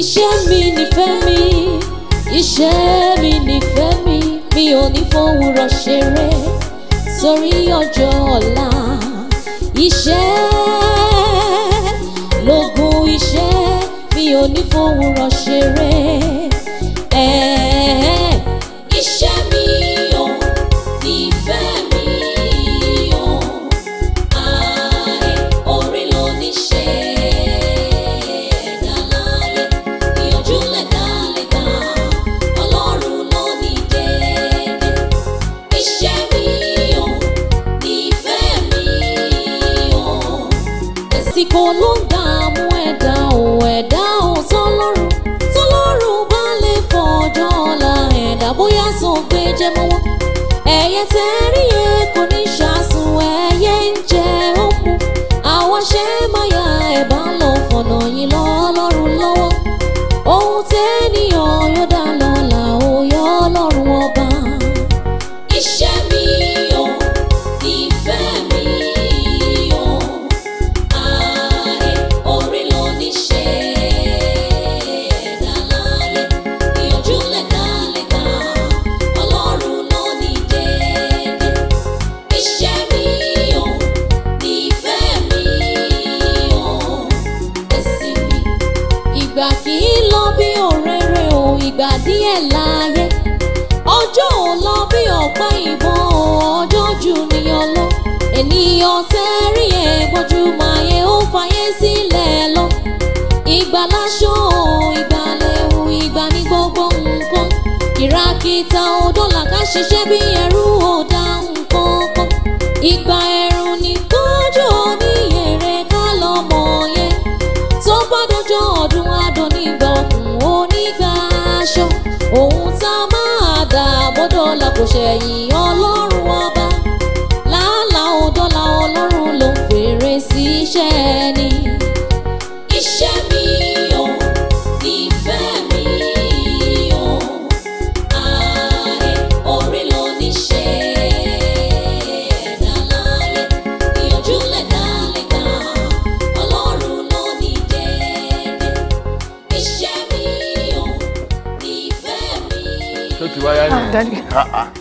Iṣẹ́ mi nìfẹ́ mi, iṣẹ́ mi nìfẹ́ mi, mi ò ní fowórọ̀ ṣeré sórí ọjọ́ ọ̀la. Iṣẹ́ lógún iṣẹ́, mi ò ní fowórọ̀ ṣeré. Eh, ojoojúmọ́ ayé ó fàyè sílẹ̀ lọ ìgbà láṣọ ìgbà lẹ́wù ìgbà ní gbogbo nǹkan kìràkìtà òdòlà ká ṣiṣẹ́ bí ẹrú ọ̀dà nǹkan kan ni ẹ̀rùn ní kọjú oníyèrè ká lọ́mọ yẹn tó bá dọjọ́ ọdún adùn nígbà ọkùn onígbà aṣọ ohun tá a máa dà bọ́dọ̀ là kò ṣẹ̀yìn ọlọ́run ọba.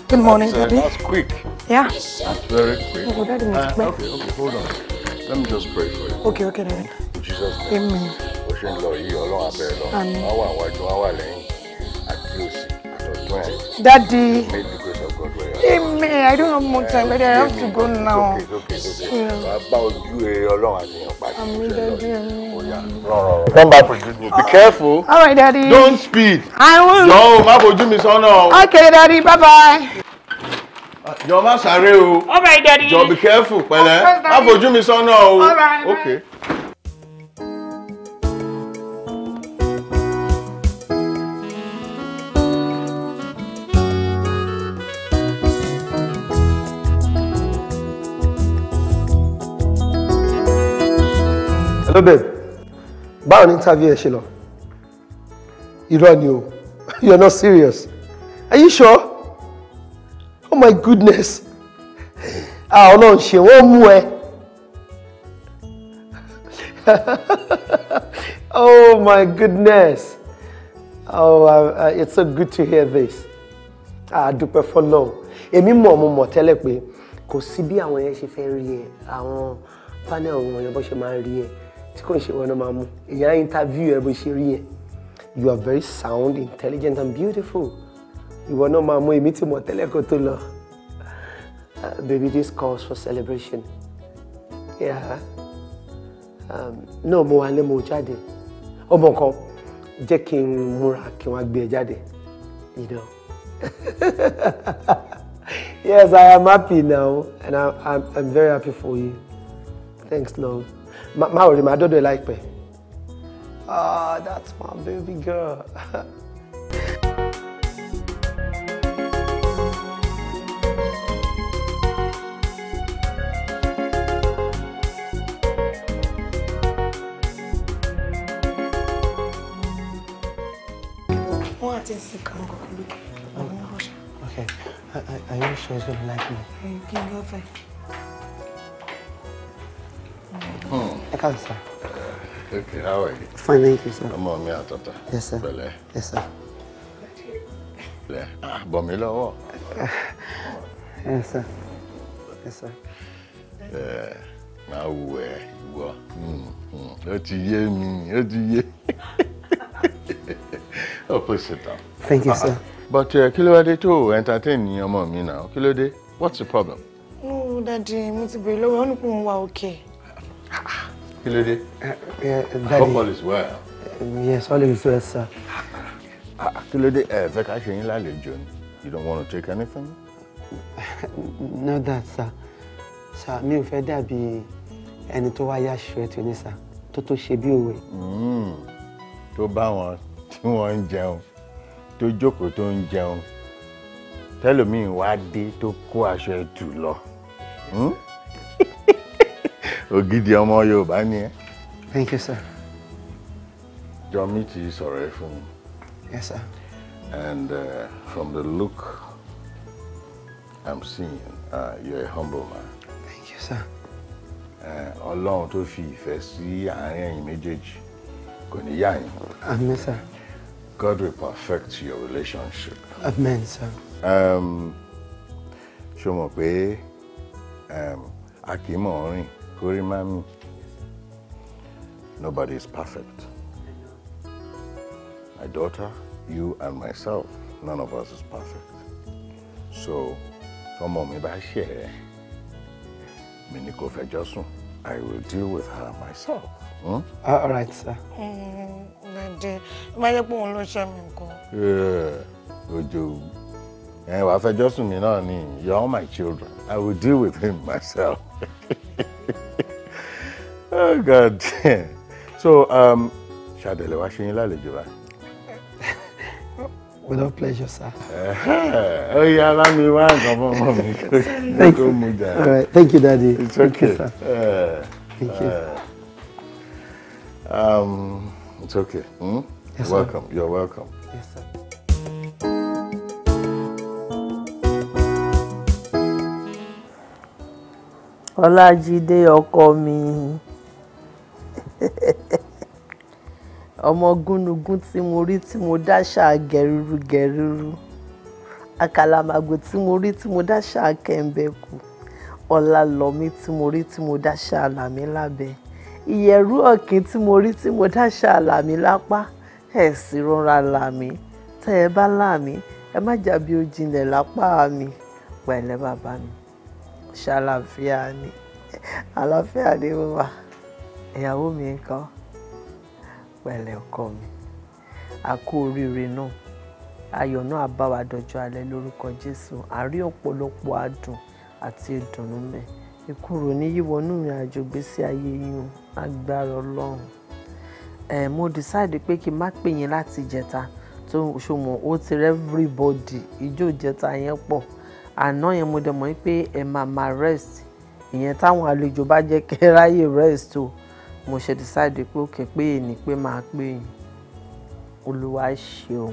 Good morning, uh, Daddy. That's quick. Yeah. That's very quick. Oh, Daddy, uh, okay, okay, hold on. Let me just pray for you. Okay, okay, Daddy. Jesus' name. Amen. O ṣe ń lọ yìí Ọlọ́run abẹ́ lọ. Àmín. Wọ́n wà wájú, wọ́n wà Jimmy, I don't have much time, but I have to go now. okay, okay, okay. Bá ojú ẹ eh, Ọlọ́run ah. Be careful. All right, Daddy. Don't speed. I will. No, má bojú mi Now. Okay, Daddy, bye bye. Ah, Jọ má sáré o. All right, Daddy. Jọ be careful pẹ̀lẹ́. Má bojú mi sọ́nà Now. All right. Okay. so babe báwo ni interview ẹ ṣe lọ irọ́ ni o you are not serious are you sure oh my goodness ah ọlọ́run ṣe wọ́n mú ẹ oh my goodness oh uh, uh, it's so good to hear this ah dúpẹ́ fọlọ́run èmi mọ̀ mo mọ̀ tẹ́lẹ̀ pé kò sí bí àwọn yẹn ṣe fẹ́ rí ẹ àwọn panel wọn yẹn bó ṣe máa rí ẹ tí kò ń ṣe wọn máa mú èèyàn interview ẹ bó ṣe rí yẹn you are very sound intelligent and beautiful ìwọ náà máa mú èmi tí mo tẹ́lẹ̀ kó tó lọ uh, baby this calls for celebration yeah um, náà mo wà lé mo jáde ọmọ kan jẹ́ kí n múra kí wọ́n gbé ẹ jáde you know yes I am happy now and I, I'm, I'm very happy for you thanks love má ò rí màá dọ́dọ̀ ẹ láìpẹ́. ah that's my baby girl. wọ́n àti ẹ̀sìn kan oh, okay are, you sure he's gonna like me. Eh, kí n go fẹ́. Ẹ káàsán sir. Okay, how are you? Fine, thank you, sir. Ọmọ mi àtọ̀tọ̀. Yes, sir. Pẹ̀lẹ́. Yes, sir. Lẹ̀, ah, bọ̀ mí lọ́wọ́. Yes, sir. Yes, sir. Ẹ máa wù ẹ ìwọ. Hmm, hmm. Ó ti yé mi, ó ti yé. Oh, please sit down. Thank you, uh ah, -huh. sir. But eh, kí ló wá dé tó entertain ni ọmọ mi náà? Kí ló dé? What's the problem? No, oh, Daddy, mo ti bèrè lọ́wọ́, ó ní kó ń wá òkè kí ló dé. Eh, eh, hope all is well. yes all is well sir. Ah, ah, kí ló dé ẹ eh, fẹ́ ká ṣe yín lálejò ni you don't want to take anything. not that sir sir mi ò fẹ́ dàbí ẹni tó wá yáṣọ ẹtù ní sir tó tó ṣe bí òwe. Hmm. tó bá wọn tí wọ́n ń jẹun tó jókòó tó ń jẹun tẹlomiin wá dé tó kó aṣọ ẹtù lọ. Hmm? ògidì ọmọ yorùbá ni ẹ. thank you sir. jọmí ti sọ̀rọ̀ ẹ fún mi. yes sir. and uh, from the look i'm seeing uh, you're a humble man. thank you sir. Uh, ọlọ́run tó fi ìfẹ́ sí àárín ẹ̀yin méjèèjì kò ní yà yín. amen sir. God will perfect your relationship. Amen, sir. Um, ṣé o mọ̀ pé um, a kì í mọ̀ ọ́ rìn Kuri Mami, nobody is perfect. My daughter, you and myself, none of us is perfect. So, for mommy bá ṣe ẹ́, mi I will deal with her myself. Hmm? Uh, all right, sir. Dèdè, má yẹ pé òun ló ṣe mí nǹkan. Ojo, ẹ wàá fẹjọ́ sùn mí náà ni, you are my children. I will deal with him myself. oh god so um, ṣàdẹ̀lẹ̀ wá ṣe yín lálejò wa. with all pleasure sir. ó yá bá mi wá nǹkan fún ọmọ mi kó mú all right thank you daddy. it's okay. sir. thank you. Uh, uh, um, it's okay. Hmm? Yes, Welcome. Sir. You're welcome. Yes, sir. ọlájídé ọkọ mi ọmọ gúnugún tí mo rí tí mo dáṣà gẹrúrú gẹrúrú àkàlàmàgbò tí mo rí tí mo dáṣà kẹ̀ǹbẹ̀kù ọlálọ́mí tí mo rí tí mo dáṣà làmí lábẹ́ ìyẹ̀rú ọ̀kín tí mo rí tí mo dáṣà làmí lápá ẹ̀ rọra làmí tẹ́ ẹ bá làmí ẹ má jàbí ojìnlẹ̀ lápá mi pẹ̀lẹ́ bàbá mi ṣàlàfíà ni àlàáfíà ni mo wà ìyàwó mi ńkọ́ pẹ̀lẹ́ ọkọ mi a kú oríire náà ayọ̀ náà á bá wa dọjọ́ alẹ́ lórúkọ Jésù àárí ọ̀pọ̀lọpọ̀ adùn àti ìdùnnú mẹ́ ìkorò ní yíwọnú ìrìn àjò gbèsè ayé yín agbára Ọlọ́run ẹ̀ mo decide pé kí n má pè yín láti ìjẹta tó ṣùgbọ́n ó ti rẹ́fúrìbọ̀dì ìjó ìjẹta yẹn pọ̀ àná yẹn mo dẹ̀ mọ̀ pé ẹ máa máa rest ìyẹn táwọn àlejò bá jẹ́ kẹ́ ráyè rest o mo ṣe decide pé òkè pé èní pé máa pé yìí olúwa ṣeun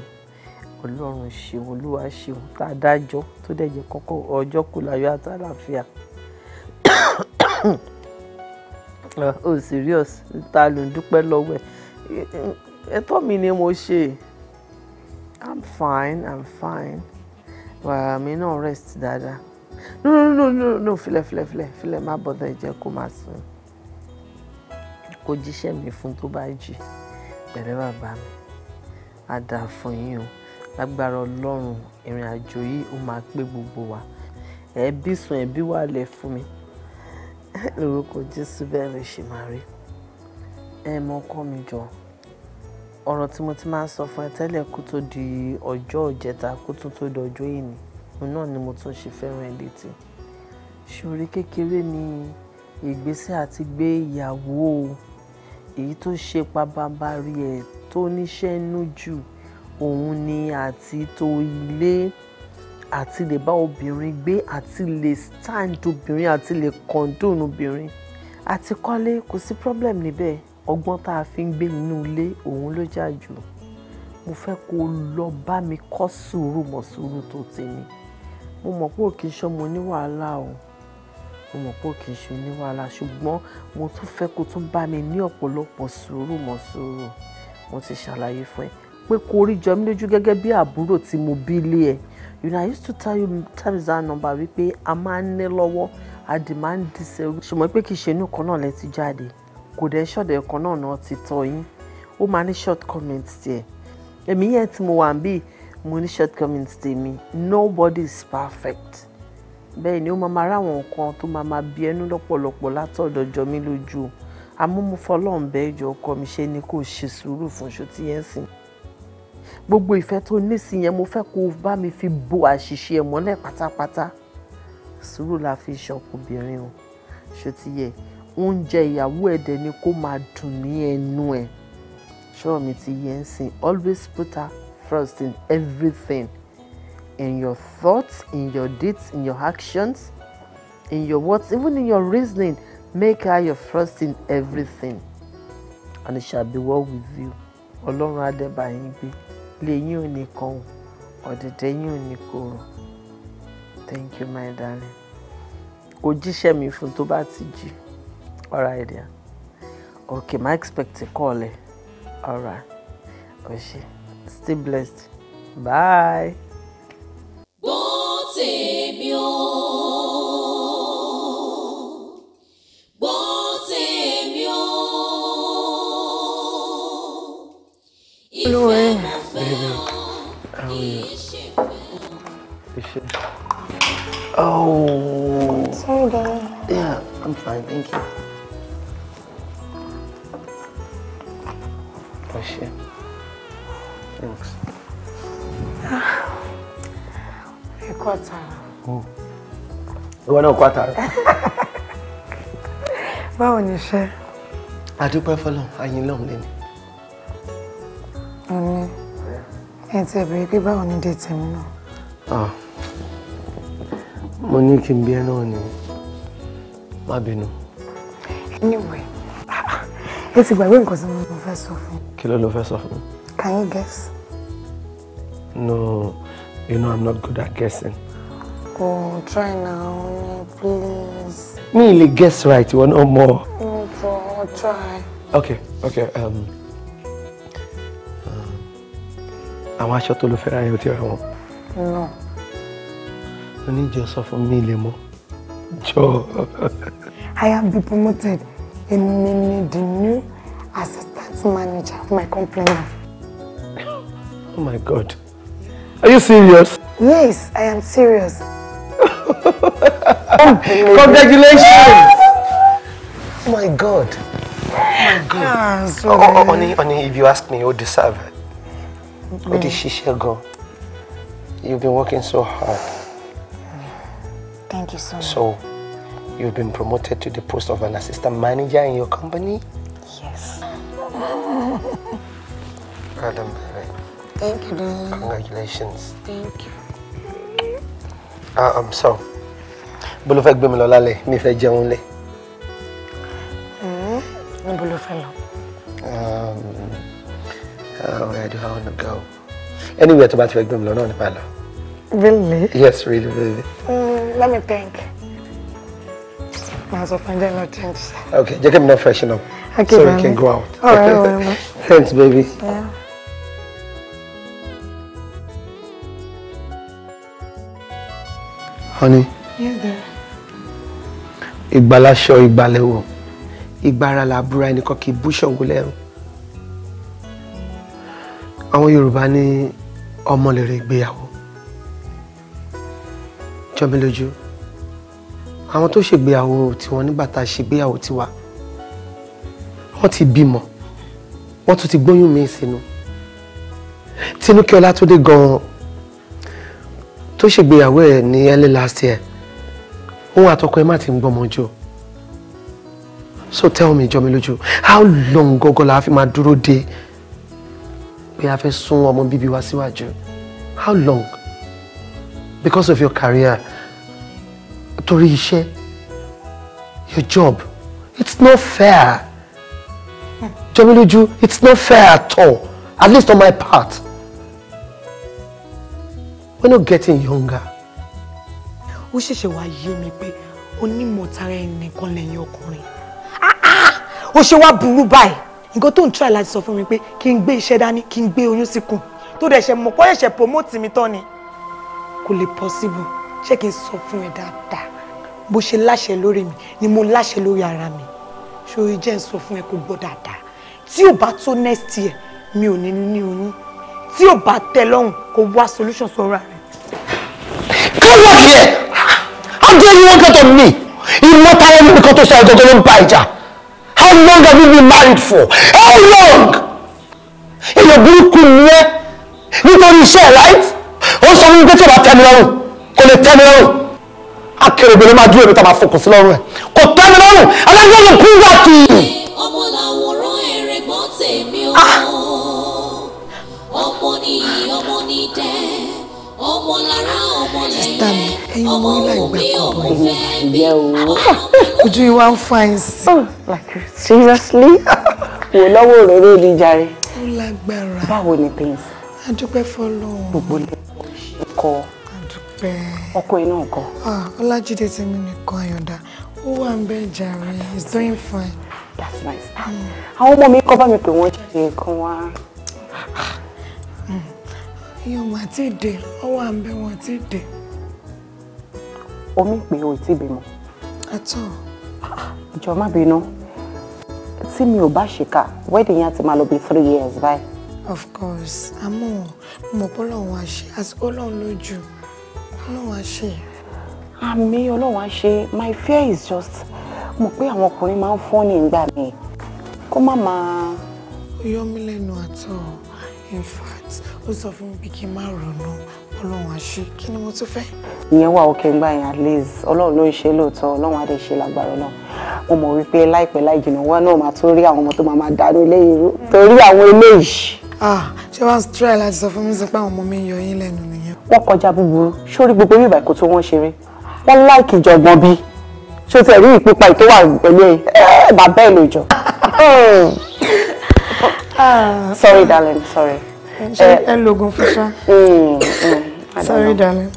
ọlọ́run ṣeun olúwa ṣeun tá a dájọ́ tó dẹ̀ jẹ́ kọ́kọ́ ọjọ́ kù láyọ̀ àtàlàfíà o oh, serious ta ló ń dúpẹ́ lọ́wọ́ ẹ̀ ẹ̀tọ́ mi ni mo ṣe i'm fine i'm fine wàá mi náà rest dáadáa no no no no no filẹ̀ filẹ̀ filẹ̀ filẹ̀ má bọ̀dọ̀ jẹ́ kó máa sùn kó jíṣẹ́ mi fún tó bá jì pẹ̀lẹ́ bàbá mi á dà fún yín o lágbára ọlọ́run ìrìn àjò yìí ó máa pé gbogbo wa ẹbí sùn ẹbí wà lẹ̀ fún mi lórúkọ jésù bẹ́ẹ̀ lè ṣe máa rí ẹ mọ ọkọ mi jọ ọ̀rọ̀ tí mo ti máa ń sọ fún ẹ tẹ́lẹ̀ kó tó di ọjọ́ ìjẹta kó tún tó di ọjọ́ èní òun náà ni mo tún ṣe fẹ́ràn ẹ létí ṣòrí kékeré ni ìgbésẹ̀ àti gbé ìyàwó èyí tó ṣe pabambarí ẹ̀ tó níṣẹ́ nú jù òun ni àti tó ilé àti lè bá obìnrin gbé àti lè stand obìnrin àti lè condone obìnrin àti kọ́lé kò sí problem níbẹ̀ ọgbọ́n tá a fi ń gbé nínú ilé òun ló jà jù mo fẹ́ kó lọ bá mi kọ́ sùúrù mọ́ sùúrù tó ti ní mo mọ̀ pé òkè iṣan mo ní wàhálà o mo mọ̀ pé òkè iṣan ní wàhálà ṣùgbọ́n mo tún fẹ́ kó tún bá mi ní ọ̀pọ̀lọpọ̀ sùúrù mọ́ sùúrù mo ti ṣàlàyé fún ẹ pé kó rí jọ mí lójú gẹ́gẹ́ bí àbúrò tí mo bí lé ẹ you know I used to tell you times that number wípé a máa ń ní lọ́wọ́ a dì máa ń dìṣẹ́ ṣùgbọ́n pé kì í ṣe inú kan náà lẹ ti jáde kò dẹ̀ ṣọ̀dẹ̀ kan náà náà ti tọ́ yín ó máa ní short comment tiẹ̀ èmi yẹn tí mo wà ń bí mo ní short comment tèmi nobody is perfect bẹ́ẹ̀ ni ó máa máa ráwọn nǹkan tó máa máa bí ẹnu lọ́pọ̀lọpọ̀ látọ̀dọ̀ jọ mí lójú amúmufọlọ́ọ̀nbẹ́ ìjọ ọkọ mi ṣe ni kò ṣe sùúrù fún ṣọtí yẹn sìn gbogbo ìfẹ́ tó ní sí yẹn mo fẹ́ kó o bá mi fi bo àṣìṣe ẹ̀ mọ́lẹ̀ pátápátá sùúrù la fi ṣọkùnbìnrin o ṣó ti yẹ oúnjẹ ìyàwó ẹ̀ dẹ̀ ni kó máa dùn ní ẹnu ẹ̀ ṣọ́ọ̀ mi ti yẹ sìn always put her first in everything in your thoughts in your deeds in your actions in your words even in your reasoning make her your first in everything and it shall be well with you ọlọ́run adébáyín gbé ilé yín ò ní ọ̀dẹ̀dẹ̀ yín ò thank you my darling kò mi fún tó bá ti jí. Alright, dear. Okay, my expect a call. Eh? Alright. Oshi. Stay blessed. Bye. Hello, eh. Oh. Sorry, darling. Yeah, I'm fine, thank you. ẹ thanks. ẹ kọ́ àtàrà. ìwọ náà kọ́ àtàrà. báwo ni iṣẹ́. àdúpẹ́ fọlọ́n ayin lọ́hùn lẹ́nu. àmín ẹ ti ẹ̀ bèrè pé báwo ni dé tèmi náà. mo ní kí n bí ẹ náà ni má bínú. anyway ẹ ti gbàgbé nǹkan tí mo fẹ́ sọ fún. kí ló ló fẹ́ sọ fún. can you guess. no you know i'm not good at guessing. oh try now please. mi lè guess right ìwọ náà mọ̀. no I'll try. okay okay um, uh, àwọn aṣọ tó ló fẹ́ ra yẹn ò ti ra wọn. no. oníjọ sọ fún mi lè mọ̀ jọ. i have been promoted èmi ni the new assistant manager of my company Oh my God. Are you serious? Yes, I am serious. Congratulations! Oh my God. Ah, oh my God. Ah, so oh, oh, honey, honey, if you ask me, you deserve it. Where did she shall go? You've been working so hard. Thank you so much. So You've been promoted to the post of an assistant manager in your company? Yes. Madam Thank you, Lee. Congratulations. Thank you. Uh, um, so, bó ló fẹ́ gbé mi lọ lálẹ́ mi fẹ́ Hmm. lé. you ló Um. lọ. Uh, where do I want to go? anywhere tó bá ti fẹ́ lọ náà really. yes really really. Mm, let me think. Màá sọ fún Jẹ́nà change. Okay, jẹ́ kí mi náà freshen up. Okay, so baby. we can go out. All right, all Thanks, baby. Yeah. Honey. Yes, dear. Ìgbàlaṣọ ìgbàlẹ̀wọ̀. Ìgbàra làbúra ẹnìkan kì í bú ṣọ̀wọ́ lẹ́rù. Àwọn Yorùbá ní ọmọ lèrè ìgbéyàwó. Jọmílójú àwọn tó ṣègbéyàwó tiwọn nígbà tá a ṣègbéyàwó tiwa wọ́n ti bímọ wọ́n tún ti gbóyún mi sínú Tinúkẹ́ Ọlátúndé gan-an tó ṣègbéyàwó ẹ̀ ní early last year òun àtọkọ ẹ̀ má ti ń gbọ́mọ jù so tell me jọ lójú how long gọ́gọ́ la fi máa dúró de pé a fẹ́ sún ọmọ bíbí wa síwájú how long because of your career torí iṣẹ́ your job it's not fair jọmílójú it's not fair at all at least on my part we're not getting younger. ó ṣẹ̀ṣẹ̀ wá yé mi pé onímọ̀ tara ẹni nìkan lẹ́yìn ọkùnrin ah, ah! ó ṣe wá burú báyìí nǹkan tó ń try láti sọ fún mi pé kí n gbé iṣẹ́ dání kí n gbé oyún síkùn tó dẹ̀ ṣe mọ̀ pọ́ ẹ̀ṣẹ̀ promote mi tán ni kò lè possible ṣé kí n sọ fún ẹ dáadáa bó ṣe láṣẹ lórí mi ni mo láṣẹ lórí ara mi ṣòrí jẹ́ ń sọ fún ẹ kó gbọ́ dáadáa tí ò bá tó next year mi ò ní ní oyún tí ò bá tẹ́ lọ́rùn kó wá solution sọ́ra rẹ̀. come work here how dare you want on me immortal enemy kan tó sọ ẹ̀gọ́gọ́ ló ń bá ìjà how long have you been married for how long èèyàn burúkú ni ẹ nítorí iṣẹ́ right ó sọ wípé tí ò bá tẹ́ mi lọ́rùn kò lè tẹ́ mi lọ́rùn akérègbè ló máa dúró ìlú tá a máa fọkàn sí lọ́rùn ẹ̀ kò tẹ́ mi lọ́rùn alájọ́ kú wá kì í. ọmọ làwòrán ẹ̀rẹ̀ gbọ́ tèmi o ah! ọmọ ojú ìwà ń fa ẹ̀ sí. Oh, like seriously wò lọ́wọ́ òróró ni jàre. ó lágbára báwo ni things. a dúpẹ́ fọlọ́run. gbogbo lẹ́kọ̀ọ́ ọkọ ẹ̀ náà kọ́. ọlájídé tí mi nìkan ayọ̀dá ó wà ń bẹ jàre he's doing fine. that's nice. Ah, hmm. àwọn ọmọ mi kọ́ bá mi pè wọ́n jáde nǹkan wá. èèyàn mà ti dé ó wà ń bẹ wọn ti dé. omi pé o ì tí bímọ. àtọ. ìjọ má bínú tí mi ò bá ṣèkà wedding yẹn ti máa lọ bí three years báyìí. of course àmọ́ mo mọ̀ pé ọlọ́run àṣẹ àti ọlọ́run lójú ọlọ́wà ṣe. àmì ọlọ́wà ṣe my fear is just mo pé àwọn ọkùnrin máa ń fọ́n ní ìgbà mi kó má máa. ó yọ mí lẹ́nu in fact ó sọ fún mi pé kí n má ronú kí ni mo tún fẹ́. ìyẹn wà òkè ń gbà yẹn at least ọlọ́run ló ń ṣe lóòótọ́ ọlọ́run á dẹ̀ ṣe lágbára náà mo mọ̀ wípé láìpẹ́ láì jìnnà wọn náà máa tó rí àwọn ọmọ tó máa máa dánú ilé yìí torí àwọn eléyìí ah ṣé wàá try láti sọ fún mi sí pé àwọn ọmọ mi ń yọ yín lẹ́nu nìyẹn. wọ́n kọjá búburú sórí gbogbo yóò bá ìkó tó wọ́n ṣeré wọ́n láìkì ìjọ̀gbọ̀n bí ṣé o ti rí ìpípa ètò wà pẹ̀lú ẹ bàbá eh, ẹ̀ ló jọ. Ah. sorry darling sorry. ṣe eh, ẹ lògùn fún ṣá. Mm, mm, sorry darling.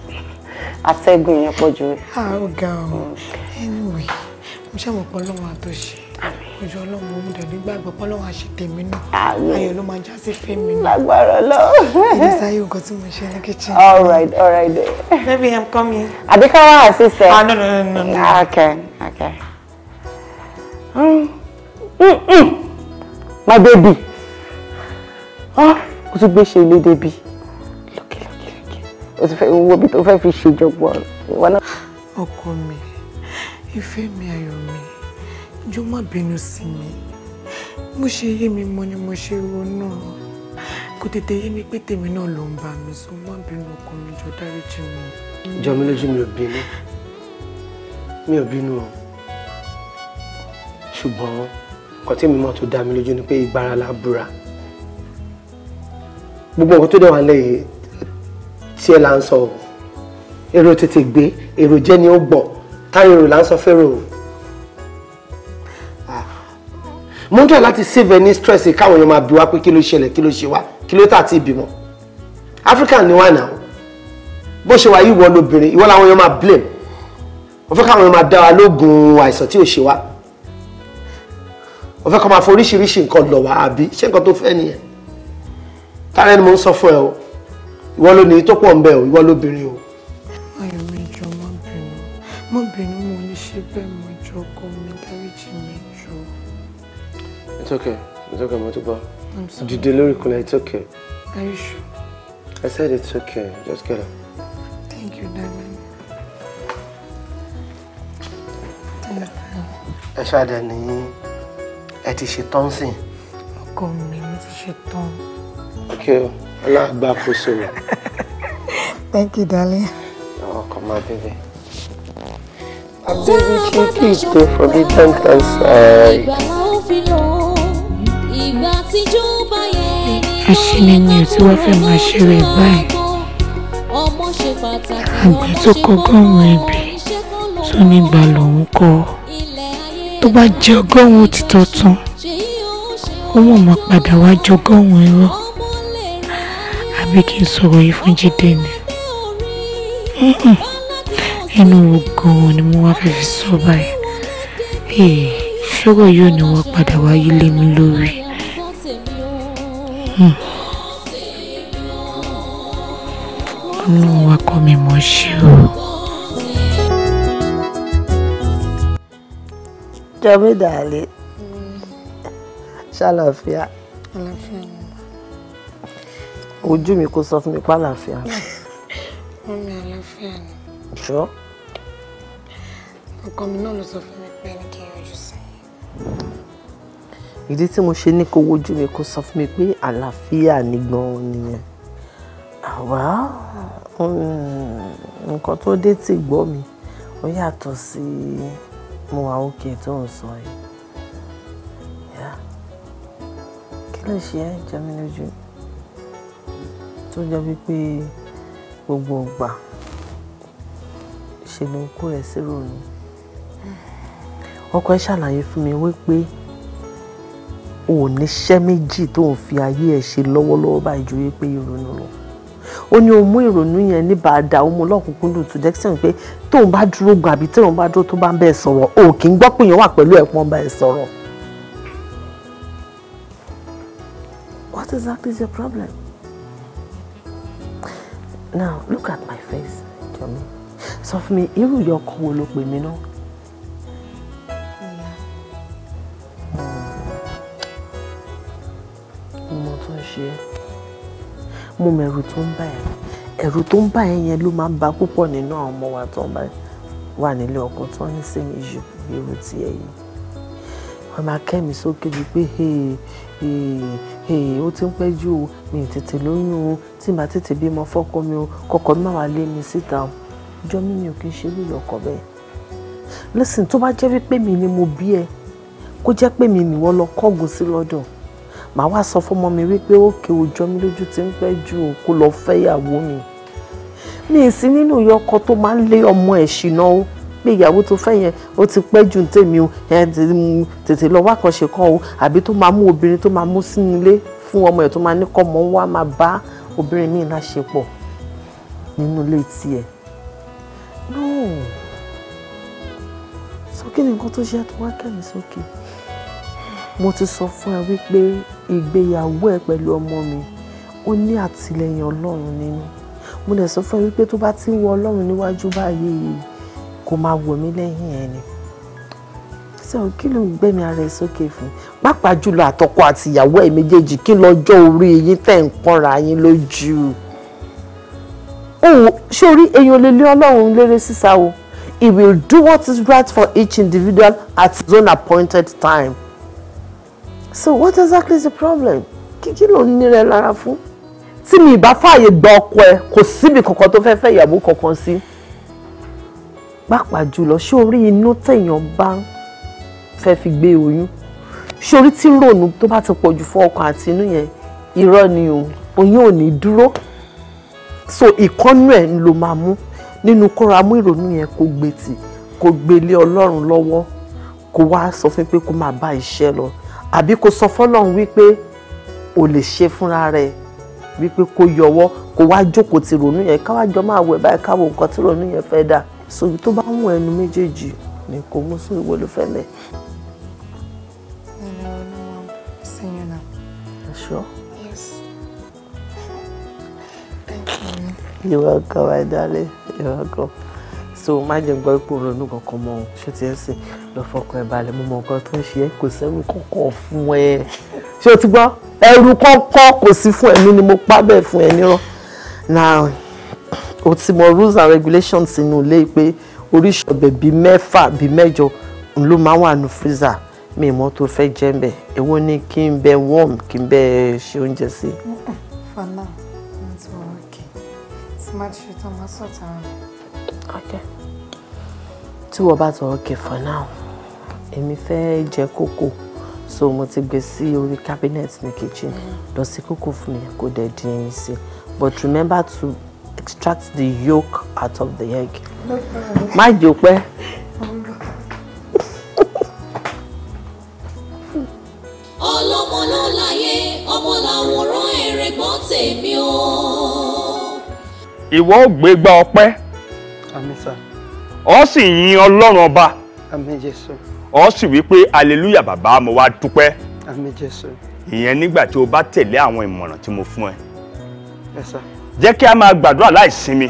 àtẹ̀gùn yẹn pọ̀ jù. ah ó ga ọ mm. anyway mo ṣàmùpọ̀ lọ́wọ́ àtọ̀ṣe ìjọ ọlọ́run òun nígbàgbọ́ pọ́lọ́wọ́ àṣetèmi náà ayọ̀ ló máa já sí fẹ́mi náà lágbára lọ. ìdí sáyé nǹkan tí mo ṣe ní kitchen. all right all right. baby i'm coming. àbíkáwá àṣìṣe. ah no no no no. okay okay. Mm. Mm -mm. my baby. ah o tún gbé ṣe ilé débi lókè lókè lókè o tún fẹ́ wo bí o fẹ́ fi ṣèjọpọ̀ ìwọ náà. ọkọ mi ìfẹ́ mi ayọ̀ mi jọ̀ọ́ má bínú sí mi mo ṣe yé mi mọ́ ni mo ṣe ronú kò tètè yé mi pé tèmi náà ló ń bá mi sọ má bínú ọkọ mi jọ̀ọ́ dáríjì mi. jọ mi lójú mi ò bínú mi ò bínú o ṣùgbọ́n ọkọ̀ tí mi mọ̀ tó dá mi lójú ni pé ìgbára la búra gbogbo nǹkan tó dẹ̀ wà lẹ́yìn tí ẹ là ń sọ èrò tètè gbé èrò jẹ́ ni ó gbọ̀ táyà èrò là ń sọ fẹ́ràn o. mo ń tọ́ láti save any stress káwọn èèyàn máa bí wa pé kí ló ṣẹlẹ̀ kí ló ṣe wá kí ló tà tí ìbímọ Africa ni wà náà bó ṣe wá ìwọ lóbìnrin ìwọ làwọn èèyàn máa blame mo fẹ́ káwọn èèyàn máa dá wa lóògùn àìsàn tí ò ṣe wá mo fẹ́ kọ́ máa foríṣiríṣi nǹkan lọ̀ wá àbí ṣé nǹkan tó fẹ́ nìyẹn tààrà ni mo ń sọ fún ẹ o ìwọ ló ní tó pọ̀ ń bẹ o ìwọ lóbìnrin o. ayọ̀ mi jọ má bínú má it's okay it's okay mo ti gbọ́ dìde lórí kùnlẹ̀ it's okay. are you sure. I said it's okay just get up. thank you darling. ẹ ṣáàdẹ ní ẹ ti ṣe tán sí. ọkọ mi mo ti ṣe tán. ok ọlọ́gbà kò sọ̀rọ̀. thank you darling. you're welcome my baby. My baby, she keeps going for the dentist. Uh, àṣìlè mi ò tí wọ́n fẹ́ máa ṣe rẹ̀ báyìí àgbẹ̀ tó kọ́ gọ́rùn ẹbí tó nígbà lòun kọ́ tó bá jẹ́ ọgọ́rùn òtítọ́ tán ó mọ̀ máa padà wá jọ ọgọ́rùn irọ́ àbí kí n sọ̀rọ̀ yìí fún Jídé ni ẹnu wo gan-an ni mo wá fẹ́ fi sọ báyìí ṣọ́rọ̀ yóò ní wọ́n padà wá yí mi lórí ọlọ́run wa kọ́ mi mọ̀ ṣe o. jọmí dàlẹ́ ṣàlàfíà ojú mi kò sọ fún mi pàlàfíà. wọ́n mi àlàáfíà ni. ṣọ́. ọkọ mi náà ló sọ fún mi pé ẹni ìdí tí mo ṣe ní kó wojú mi kó sọ fún mi pé àlàáfíà ni gan-an nìyẹn àwa ah, mm, nǹkan tó dé tì gbọ́ mi ó yàtọ̀ sí mo wà òkè tó ń sọ yìí kí ló ṣe ẹ́ jẹ mí lójú tó jọ wípé gbogbo ọgbà ṣe ló ń kó rẹ̀ sí ronú ọkọ ẹ ṣàlàyé fún mi wípé ò méjì tó ń fi ayé ẹ̀ ṣe lọ́wọ́lọ́wọ́ báyìí ju wípé ìrònú lọ ó ní o mú ìrònú yẹn ní bàdà ó mú lọ́kùnkúndùn to the extent pé tóun bá dúró gan àbí tóun bá dúró tó bá ń bẹ́ẹ̀ sọ̀rọ̀ o kì í gbọ́ pé èèyàn wà pẹ̀lú ẹ̀pọ̀n bá ẹ̀ sọ̀rọ̀. What exactly is your problem? Now look at my face, Jọ̀mí. Sọ fún mi irú ìyọkọ̀ wo ló pè mí náà? ṣe é mo mẹ̀rù tó ń bà ẹ́ ẹ̀rù tó ń bà ẹ́ yẹn ló máa ń ba púpọ̀ nínú àwọn ọmọ wa tó ń bá wà nílé ọkọ tó ń ní same issue irú ti ẹ̀ yìí wọ́n máa kẹ́mi sókè bíi pé ó ti ń pẹ́ jù o mi ì tètè lóyún o tí màá tètè bímọ fọ́kọ mi o kọ̀kọ́ mi máa wà lé mi síta o ìjọ mímí ò kí ń ṣe lùlọ ọkọ bẹ́ẹ̀ listen tó bá jẹ́ wípé mi ni mo bí ẹ kó jẹ́ pé mi nìwọ lọ kọ́gùn sí lọ́dọ̀ màá wá sọ fọmọ mi wípé òkè òjọ mi lójú ti ń pẹ́ ju kó lọ fẹ́yàwó mi mi ì sí nínú ìyá ọkọ tó máa ń lé ọmọ ẹ̀ ṣìnà o pé ìyàwó tó fẹ́ yẹn ó ti pẹ́ ju tèmi o tètè lọ wákànṣe kan o àbí tó máa mú obìnrin tó máa mú sínú ilé fún ọmọ ẹ̀ tó máa ní kọ́ ọmọ wa máa bá obìnrin míì láṣepọ̀ nínú ilé tiẹ̀ no sókè nìkan tó ṣe àtúwákẹ́ mi sókè mo ti sọ fún ẹ wípé ìgbéyàwó ẹ pẹ̀lú ọmọ mi ó ní àtìlẹyìn ọlọ́run nínú mo dẹ̀ sọ fún ẹ wípé tó bá ti ń wọ ọlọ́run níwájú báyìí kò máa wò mí lẹ́yìn ẹ ni sọ kí ló ń gbẹ̀mí ara ẹ sókè fún pàápàá jùlọ àtọkọ àti ìyàwó ẹ méjèèjì kí lọ́jọ́ orí yín tẹ̀ ń pọ́nra yín lójú òun sórí èèyàn lè lé ọlọ́run léré sísá o he will do what is right for each individual at his own appointed time so what exactly is the problem kíkí ló ń nira ẹ lára fún. tí mi ìbá fààyè gba ọkọ ẹ kò síbi kankan tó fẹ́ẹ́ fẹ́ ìyàwó kankan sí. pàápàá jùlọ sórí inú téèyàn bá fẹ́ fi gbé oyún sórí tí ròònù tó bá ti pọ̀ jù fún ọkàn àti inú yẹn irọ́ ni o oyún ò ní dúró so ìkọ́nú ẹ̀ ló máa mú nínú kóra mú ìrònú yẹn kó gbé tì kó gbé lé ọlọ́run lọ́wọ́ kó wá sọ fún pé kó máa bá iṣẹ́ lọ àbí kó sọ fọ́lọ́run wípé o lè ṣe fúnra rẹ̀ wípé kó yọwọ́ kó wá jókòó ti ronú yẹn káwá jọ máa wẹ̀ báyìí káwọ nǹkan tí ronú yẹn fẹ́ dà sóbi tó bá mú ẹnu méjèèjì ni kò mú sóbi wo ló fẹ́ Sure. Yes. Thank you. You're welcome, my darling. You're welcome so má jẹ́ gbọ́ pé òun ronú kankan mọ́ òun ṣé tiẹ̀ sìn lọ fọkàn ẹ̀ balẹ̀ mo mọ nǹkan tó ń ṣe é kò sẹ́rù kankan fún ẹ ṣé o ti gbọ́ ẹrù kankan kò sí fún ẹ̀mí ni mo pa bẹ́ẹ̀ fún ẹ nírọ̀ now o ti mọ rules and regulations inú ilé pé oríṣi ọbẹ̀ bíi mẹ́fà bíi mẹ́jọ ló máa wà nù freezer mi mọ́ tó fẹ́ jẹ́ mbẹ̀ èwo ni kí n bẹ warm kí n bẹ ṣe oúnjẹ sí. for now mo ti wọ òkè tí má ti ṣe tán má sọ̀tàn. okay tí wọ́n bá tọ̀ okay for now èmi fẹ́ jẹ kókò so mo ti gbé sí orí cabinet ní kitchen lọ sí kókò fún mi kó dẹ̀ dín ẹyin sí but remember to extract the yolk out of the egg má jò pẹ́. ọlọ́mọ ló láyé ọmọ làwòrán ẹ̀rẹ̀gbọ́n tèmi o. ìwọ ò gbégbá ọpẹ́. àmín sáà ọ sì yin ọlọ́run ọba. àmín jésù. ọ sì wí pé hallelujah bàbá mo wá dúpẹ́. àmín jésù. ìyẹn nígbà tí o bá tẹ̀lé àwọn ìmọ̀ràn tí mo fún ẹ. Yes sir. jẹ́ kí a máa gbàdúrà láì sinmi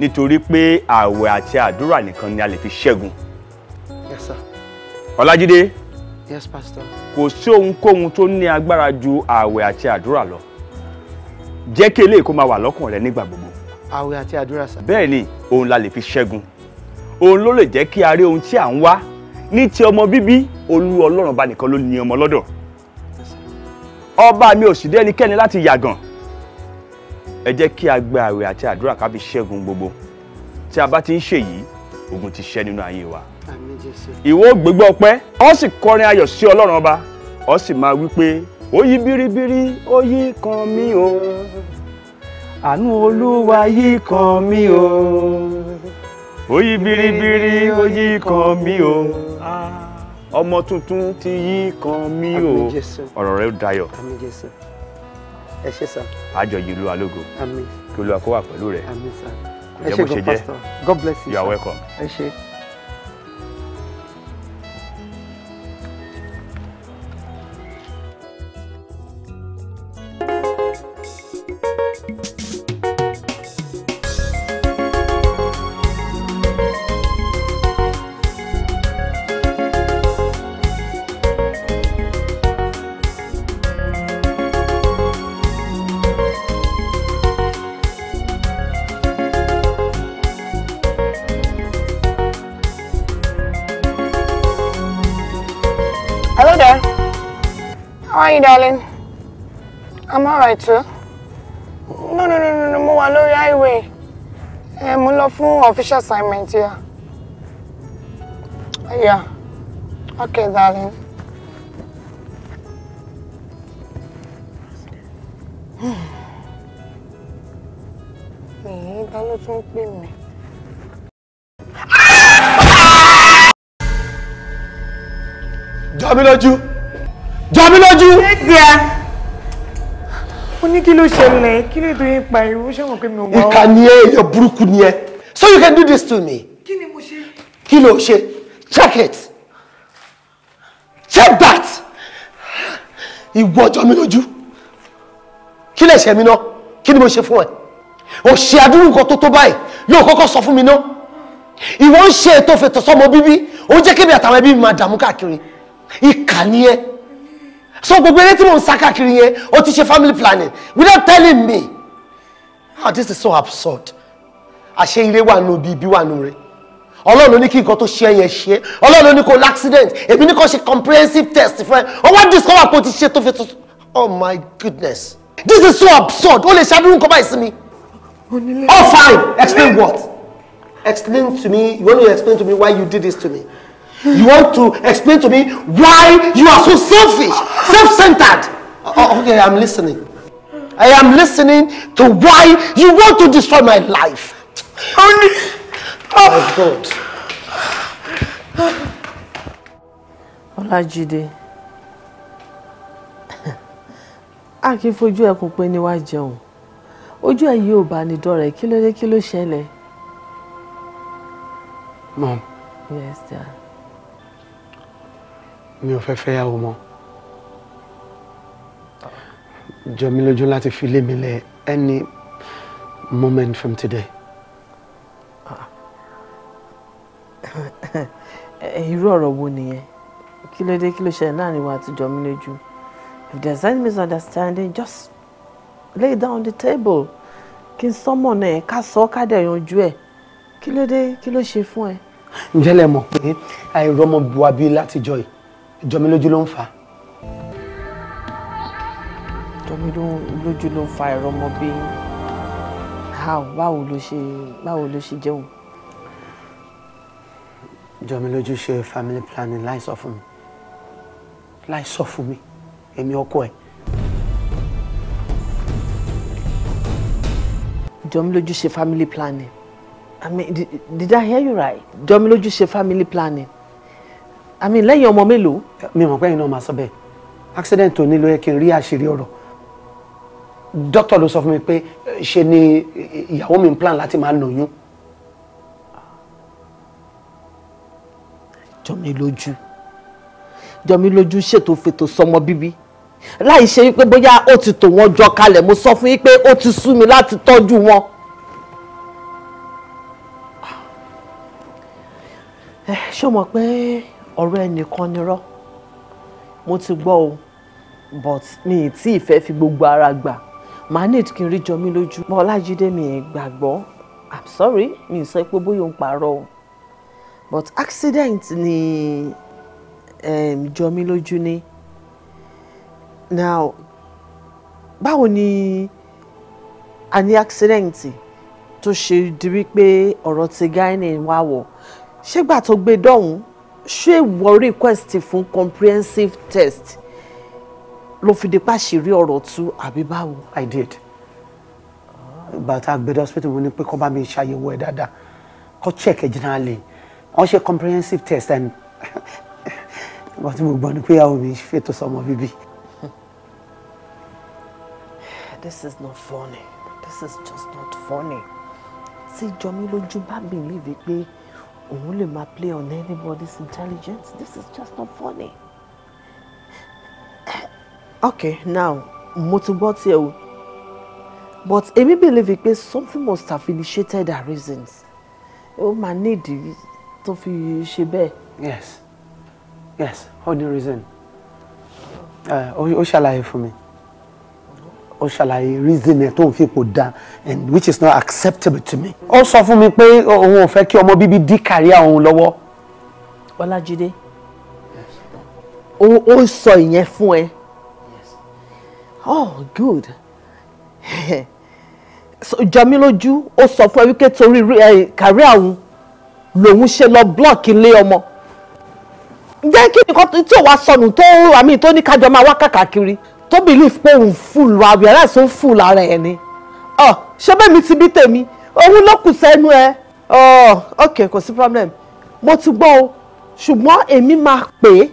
nítorí pé ààwẹ̀ àti àdúrà nìkan ni a lè fi ṣẹ́gun. Yes sir. ọlájídé. Yes pastor. kò sí ohunkóhun tó ní agbára ju ààwẹ̀ àti àdúrà lọ jẹ́ kí eléyìí kó máa wà lọ́kàn rẹ nígbà gbogbo. ààwẹ̀ bẹ́ẹ̀ ni òun la lè fi ṣẹ́gun òun ló lè jẹ́ kí a rí ohun tí à ń wá ní ti ọmọ bíbí olú ọlọ́run bá nìkan ló ní ọmọ lọ́dọ̀ ọba mi ò sì dé ẹnikẹ́ni láti yàgàn ẹ jẹ́ kí a gba àwẹ̀ àti àdúrà ká ṣẹ́gun gbogbo tí a bá ti ń ṣèyí ogun ti ṣẹ́ nínú ayé wa ìwọ gbégbá ọpẹ́ ọ sì kọrin ayọ̀ sí ọlọ́run ọba ọ sì máa wí pé ó yí bíríbírí ó yí kan mí o àánú olúwa yí kan mí o oyi biribiri oyi kan mi o ọmọ tuntun ti yí kan mi o ọ̀rọ̀ rẹ dayọ̀ àjọ yìí lu alógo kí Olúwa kó wà pẹ̀lú rẹ kò jẹ́ bó ṣe jẹ́ you are welcome. Àìtú. No, no, no, no, no, mo wà lórí highway. Ẹ mo lọ fún official assignment yà. Yeah. yeah. Okay, darling. Mi ì dá ló tún pè mí. Jọ mí lójú! Jọ mí lójú! Ṣé ti ẹ? ó ní kí ló ṣẹlẹ̀ kí ló tó yín pa ìrú ṣọ̀wọ́n pé mi ò wá ọ́. ẹ èèyàn burúkú ni ẹ so you can do this to me. kí ni mo ṣe. kí ló ṣe check it check that ìwọ ọjọ́ mi lójú kí lè ṣe mi náà kí ni mo ṣe fún ẹ òṣì àdúrú nǹkan tó tó báyìí yóò kọ́kọ́ sọ fún mi náà ìwọ ń ṣe ètò fètò sọmọ bíbí ó jẹ́ kébì àtàwọn ẹbí mi máa dààmú káàkiri ìkà ni ẹ so gbogbo eré tí mò ń sá káàkiri yẹn o ti ṣe family planning without telling me ah this is so absurd àṣé ire wà nù bí ibi wà nù rẹ ọlọ́run ló ní kí nǹkan tó ṣe yẹn ṣe ọlọ́run ló ní kó l'accident èmi ní kó ṣe comprehensive test fún ẹ ó wá discover pé o ti ṣe tó fi tó oh my goodness this is so absurd ó lè ṣàdúró nǹkan báyìí sí mi oh fine explain what explain to me you want explain to me why you did this to me. You want to explain to me why you are so selfish, self-centered. Oh, oh, okay, I'm listening. I am listening to why you want to destroy my life. Only. My oh, oh, God. Ọlájídé. A kì í fojú ẹkùn pé ní wá jẹun. Ojú ẹ yóò bá ní dọ́rẹ̀ kí ló dé kí ló ṣẹlẹ̀. Mom. Yes, dear mi ò fẹ́ fẹ́yàwó mọ́ jọ mí lójú láti fi lé mi lẹ̀ any moment from today. Eh, irú ọ̀rọ̀ wo nìyẹn kí ló dé kí ló ṣẹlẹ̀ láàrin wa àti jọ mí lójú if there is any misunderstanding just lay down the table kí n sọmọ náà ká sọ ọ́ ká dẹ̀ yanjú ẹ̀ kí ló dé kí ló ṣe fún ẹ. ǹjẹ́ lẹ mọ̀ pé àìrọ́mọ buwabi látijọ́ yìí jọmi lójú ló ń fa. jọmi lójú ló ń fa ẹ̀rọ ọmọ bí how báwo ló ṣe báwo ló ṣe jẹun. jọmi lójú ṣe family planning láì sọ fún mi láì sọ fún mi èmi ọkọ ẹ. jọmilójú ṣe family planning i mean did, did i hear you right jọmilójú ṣe family planning àmì lẹ́yìn ọmọ mélòó. mi mọ̀ pé ẹ̀yin náà máa sọ bẹ́ẹ̀ accident ò ní ló yẹ kí n rí àṣírí ọ̀rọ̀ dókítà ló sọ fún mi pé ṣe ni ìyàwó mi ń plan láti máa lóyún. jọmi lójú jọmi lójú ṣètò fètò sọmọ bíbí láì ṣe wípé bóyá ó ti tò wọ́n jọ kalẹ̀ mo sọ fún yín pé ó ti sú mi láti tọ́jú wọn. ṣé o mọ̀ pé ọ̀rọ̀ ẹnìkan nírọ́ mo ti gbọ́ o but mi ì tí ì fẹ́ fi gbogbo ara gbà màá ní kí n rí jọmí lójú Bọ́lájídé mi ì gbàgbọ́ i'm sorry mi ì sọ pé bóyá ò ń parọ́ o but accident ni um, jọmí lójú ni now báwo ni a ní accident tó ṣe di wípé ọ̀rọ̀ ti gáínì wá wọ̀ ṣégbà tó gbé dọ̀hún ṣé ìwọ request fún comprehensive test ló fi dipá ṣìírí ọ̀rọ̀ tú àbí báwo. i did But tá a gbé hospital mo ní pé kó bá mi ṣàyẹ̀wò ẹ̀ dáadáa kó check ẹ̀ generally wọ́n ṣe comprehensive test and ìgbà tí mo gbọ́ ni pé àwọn mi fètò sọmọ bíbí. this is not funny this is just not funny ṣé jọmí lójú bá believe pé. Be òun lè play on anybody's intelligence this is just not funny. okay now mo ti gbọ́ tiẹ̀ o but èmi believe pé something must have initiated her reasons Oh, máa nídìí tó fi yes yes all the reason Uh, ó ṣàlàyé fún mi ó ṣàlàyé reason ẹ̀ tó ń fi ipò and which is not acceptable to me. ó sọ fún mi pé òun ò fẹ́ kí ọmọ bíbí dí career òun lọ́wọ́. Ọlájídé ó sọ ìyẹn fún ẹ oh good jọ mí lójú ó sọ fún ẹ wípé torí career òun lòun ṣe lọ block ilé ọmọ jẹ́ kí nìkan tí ò wá sọnù tó àmì tó ní kájọ máa wá kàkàkiri tó believe pé òun fúlù àwẹ̀ aláìsí òun fúlù ara ẹ̀ ni ọ ṣé bẹ́ẹ̀ mi ti bí tèmi òun ló kù sẹ́nu ẹ ọ ok kò sí problem mo ti gbọ́ o ṣùgbọ́n èmi máa pè é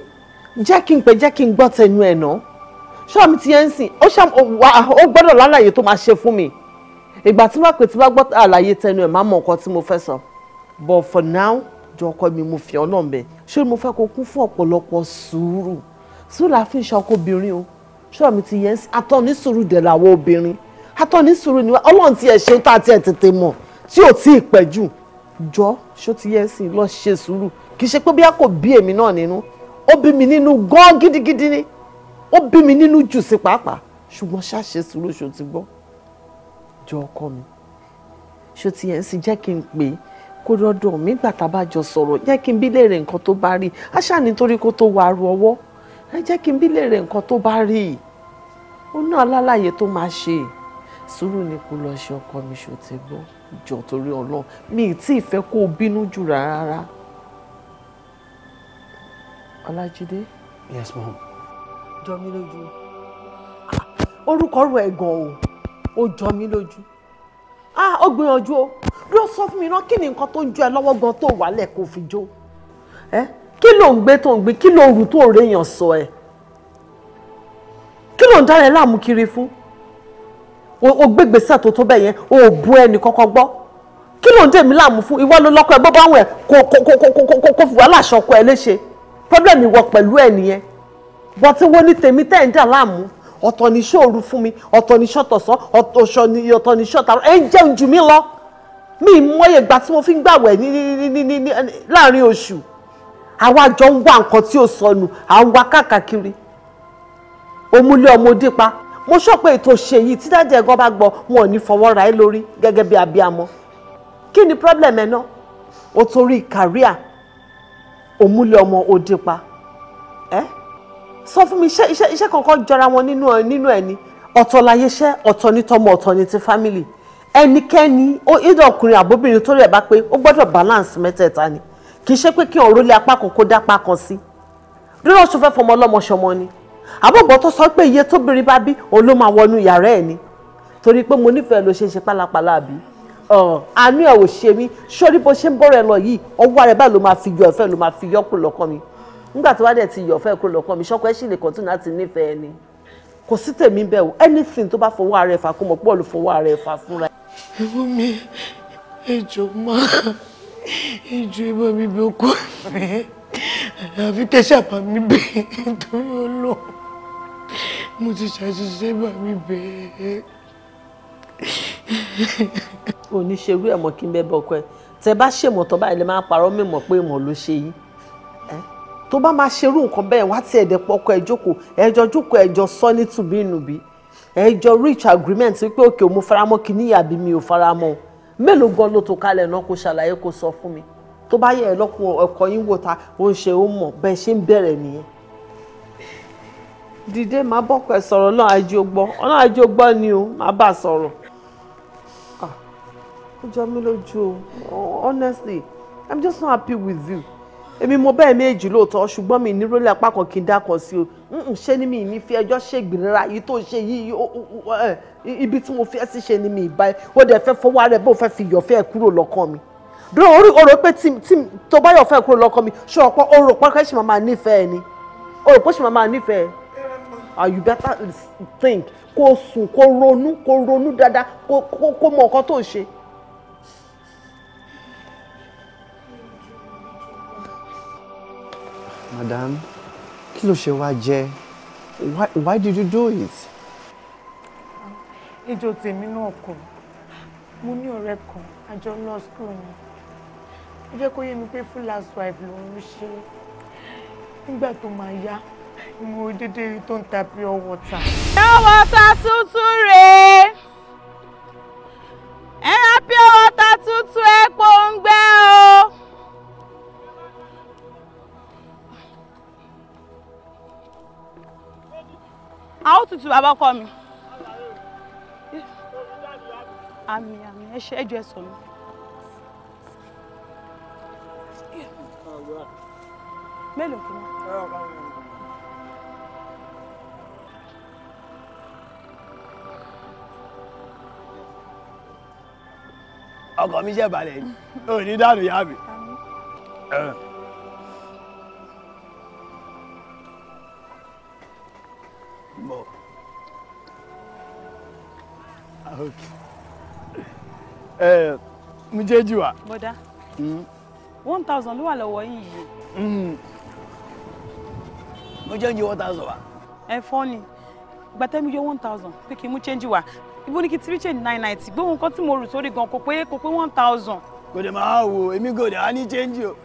jẹ́ kí n pè jẹ́ kí n gbọ́ tẹnu ẹ̀ náà ṣọ́ọ̀ mi ti yẹn ń sìn ó ṣàm ó gbọ́dọ̀ lálàyé tó máa ṣe fún mi ìgbà tí wàá pè tí wàá gbọ́ àlàyé tẹnu ẹ̀ máa mọ nǹkan tí mo fẹ́ sọ but for now jọ ọkọ mi mo fi ọ náà bẹ ṣé mo fẹ́ kó kún fún ọ̀pọ̀lọpọ̀ sùúrù sùúrù la fi ń ṣọkọ obìnrin o ṣọ́ mi ti yẹn atọ́ni sùúrù dẹ̀ làwọn obìnrin atọ́ni sùúrù ni ọlọ́run tiẹ̀ ṣe tá a tiẹ̀ tètè mọ̀ tí ò tí ì pẹ́ jù jọ ṣó ti yẹn sìn lọ ṣe sùúrù kì í ṣe pé bí a kò bí èmi náà nínú ó bí mi nínú gan gidigidi ni ó bí mi nínú jù sí pàápàá ṣùgbọ́n ṣá ṣe sùúrù ṣó ti gbọ́ jọ ọkọ mi ṣó ti yẹn sìn jẹ́ kí n pè é kó dọ́dọ̀ mi gbà bá jọ sọ̀rọ̀ ẹ jẹ́ kí n bí lè rẹ nǹkan tó bá rí i ó náà lálàyé tó máa ṣe sùúrù ni kò lọ ṣe ọkọ mi ṣò ti gbọ́ jọ torí ọlọ́run mi ì tí ì fẹ́ kó o bínú jù rárá. ọlájídé. yes mom. jọ mí lójú orúkọ rú ẹ o ó jọ mí lójú ah ó gbìyànjú o ló sọ fún mi náà kí ni nǹkan tó ń jó ẹ lọ́wọ́ gan tó wà lẹ̀ kó fi jó kí ló ń gbé tó ń gbé kí ló rù tó réèyàn sọ ẹ kí ló ń dára ẹ láàmú kiri fún o gbégbèsè tó tó bẹ́ẹ̀ yẹn o ò bu ẹnì kankan gbọ́ kí ló ń dèmí láàmú fún ìwọ ló lọ́kọ ẹ bọ́ bá wọn ẹ kò fi wàhálà ṣọkọ ẹ léṣe pọ́blẹ́mì wọ pẹ̀lú ẹ nìyẹn bọ́ tí wọ́n ní tèmi tẹ́ ń dà láàmú ọ̀tọ̀ ní ṣòru fún mi ọ̀tọ̀ ní ṣọ́tọ̀sọ́ ọ̀tọ̀ ní ṣọ́tà ẹ ń jẹun jù mí lọ mi mọye ìgbà tí mo fi ń gbàwẹ̀ láàrin oṣù àwa jọ ń wá nǹkan tí ò sọnù à ń wá káàkiri òmùlé ọmọdé pa mo sọ pé ètò ṣe yìí tí dájẹ́ ẹ̀gọ́ bá gbọ́ wọn ò ní fọwọ́ ra ẹ lórí gẹ́gẹ́ bí abiyamọ kí ni problem ẹ náà o torí kàríà òmùlé ọmọ òde pa ẹ sọ fún mi iṣẹ́ iṣẹ́ iṣẹ́ kankan jọra wọn nínú ẹ nínú ẹ ni ọ̀tọ̀ láyé iṣẹ́ ọ̀tọ̀ ní tọmọ ọ̀tọ̀ ní ti family ẹnikẹ́ni ó ìdọ̀kùnrin àbóbìnrin tó rẹ̀ bá pé ó gbọ́dọ̀ balance mẹ́tẹ̀ẹ̀ta ni kì í ṣe pé kí ọ̀rọ̀ lé apá kan kó dápá kan sí rírọ̀ ṣe fẹ́ fọmọ ọlọ́mọ ṣọmọ ni àbọ̀gbọ́n tó sọ pé iye tóbìnrin bá bí òun ló máa wọnú yàrá ẹ̀ ni torí pé mo nífẹ̀ẹ́ ló ṣe ṣe pálapàla àbí àánú ẹ̀ ò ṣe mí sórí bó ṣe ń bọ̀rọ̀ ẹ lọ yìí ọwọ́ rẹ̀ báyìí ló máa fi yọ ẹ̀fẹ́ ló máa fi yọ kúrò lọ́kàn mi nígbà tó bá dẹ̀ ti yọ ọ̀fẹ́ kúrò lọ́kàn mi ṣọ́kọ ẹ̀ sì lè kọ́tún láti nífẹ̀ẹ́ ni kò sí tèmi bẹ́ẹ̀ o anything tó bá fọwọ́ ara ẹ̀ fà kó mọ̀ pọ̀ ló fọwọ́ ara ẹ̀ fà fúnra ẹ̀. ẹ̀wọ́n mi ẹ̀jọ̀ máa ìjọ ìbọn mi bí okó mi àfi kẹsà bá mi bẹ nítorí ọlọ mo ti ṣàṣìṣe bá mi bẹ. oníṣègùn ẹ̀mọ́ kí n bẹ́ bọ́kọ ẹ̀ tẹ bá ṣèmọ̀ tán báyìí lè máa parọ́ mímọ̀ pé ìmọ̀ ló ṣe yìí tó bá máa ṣerú nǹkan bẹ́ẹ̀ wá tí ẹ̀dẹ̀ pọkọ ẹ̀ jókòó ẹ̀jọ̀ jókòó ẹ̀jọ̀ sọ ní tùbínùbí ẹ̀jọ̀ reach agreement wípé òkè òun mo faramọ́ kìíní àbí mi ò faramọ́ o mélòó gan ló tó kalẹ̀ náà kó ṣàlàyé kó sọ fún mi tó bá yẹ ẹ ọkọ yín wò ta ó ń ṣe ó mọ̀ bẹ́ẹ̀ ṣe ń bẹ̀rẹ̀ nìyẹn. dìde máa bọ́ pẹ̀ sọ̀rọ̀ náà àjọgbọ́ ọ̀nà àjọgbọ́ ni o máa bá sọ̀rọ̀. Ah, ó jọ mí lójú o honestly i'm just not happy with you èmi mo bẹ́ẹ̀ méjì lóòótọ́ ṣùgbọ́n mi nírọ̀lẹ́ apá kan kì í dákan sí o ṣé ni mi ní fi ẹjọ́ ṣègbìn rárá yìí tó ṣe yìí ibi tí mo fi ẹ́ sí ṣe ni mi ìbá ẹ ó dẹ̀ fẹ́ fọwọ́ rẹ bó fẹ́ fi yọ̀fẹ́ ẹ kúrò lọ́kàn mi dúró orí o rò pé tó bá yọ̀fẹ́ ẹ kúrò lọ́kàn mi ṣọ ọ̀pọ̀ o rò pé ṣì máa nífẹ̀ẹ́ ni o rò pé ṣì máa nífẹ̀ẹ́ ah you better think kó sùn kó ronú kó ronú dáadáa kó mọ nǹkan tó ń madam kí ló ṣe wá jẹ why why did you do it. ìjọ ah, tèmi náà kọ mo ní ọ̀rẹ́ kan àjọ law school ni ó jẹ́ kó yé mi pé full housewife lòun ṣe nígbà tó máa yá mo dédé rí tó ń ta pure water. pure water tuntun rèé ẹ ra pure water tuntun ẹ pòǹgbẹ o. àwọn tutù bàbá kọ mi. àmì àmì ẹ ṣe ẹjọ ẹ sọ mi. mélòó kìíní. ọkọ mi ṣe balẹ̀ yìí ò ní dànù yá mi. Bon. Ẹ Mujeju wa. Bọ̀dá. Hmm? One thousand ló wà lọ́wọ́ yín yìí. Hmm. Mo jẹ́ ń jẹ one thousand wa. Ẹ fọ́ ni. Gbàtẹ́mi yọ one thousand pé kí n mú change wa ibo ni kí tí richard nine ninety gbóhùn nǹkan tí mo rò sórí gan kò pé kò pé one thousand. kò dé máa wo change o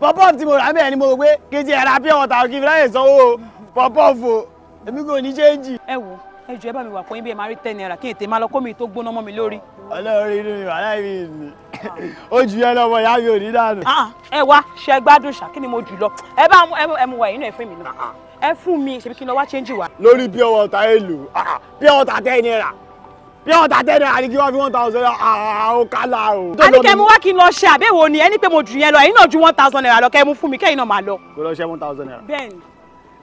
pop-up tí mo rà bẹ́ẹ̀ ni mo rò pé kí n ti ẹ̀ra pure water kí fi ráyè sanwó pop-up èmi kò ní change. ẹ wo ẹ jọ ẹ bá mi wà fún yín bí ẹ máa rí ten naira kí ètè máa lọ kó mi tó gbóná mọ́ mi lórí. ọlọ́run inú mi wà láì mi ò jù ẹ lọ́mọ ìyá mi ò ní dànù. Ah, ẹ wá ṣe gbádùn ṣá kí ni mo jù lọ ẹ bá ẹ mu wà yín náà ẹ fún mi náà ah, ah. ẹ fún mi ṣèbí kí n lọ wá change wá. lórí pure water èlò pure water ten naira pure water ten naira ni kí wọ́n fi one thousand naira ó kálá o. a ní kẹ́ mu wá kí n lọ ṣe àbẹ̀wò ni ẹni pé mo jù yẹn lọ ẹ̀yin náà ju one thousand naira lọ kẹ́ mu fún mi kẹ́yìn náà máa lọ. kò lọ ṣe one thousand naira. bẹ́ẹ̀ni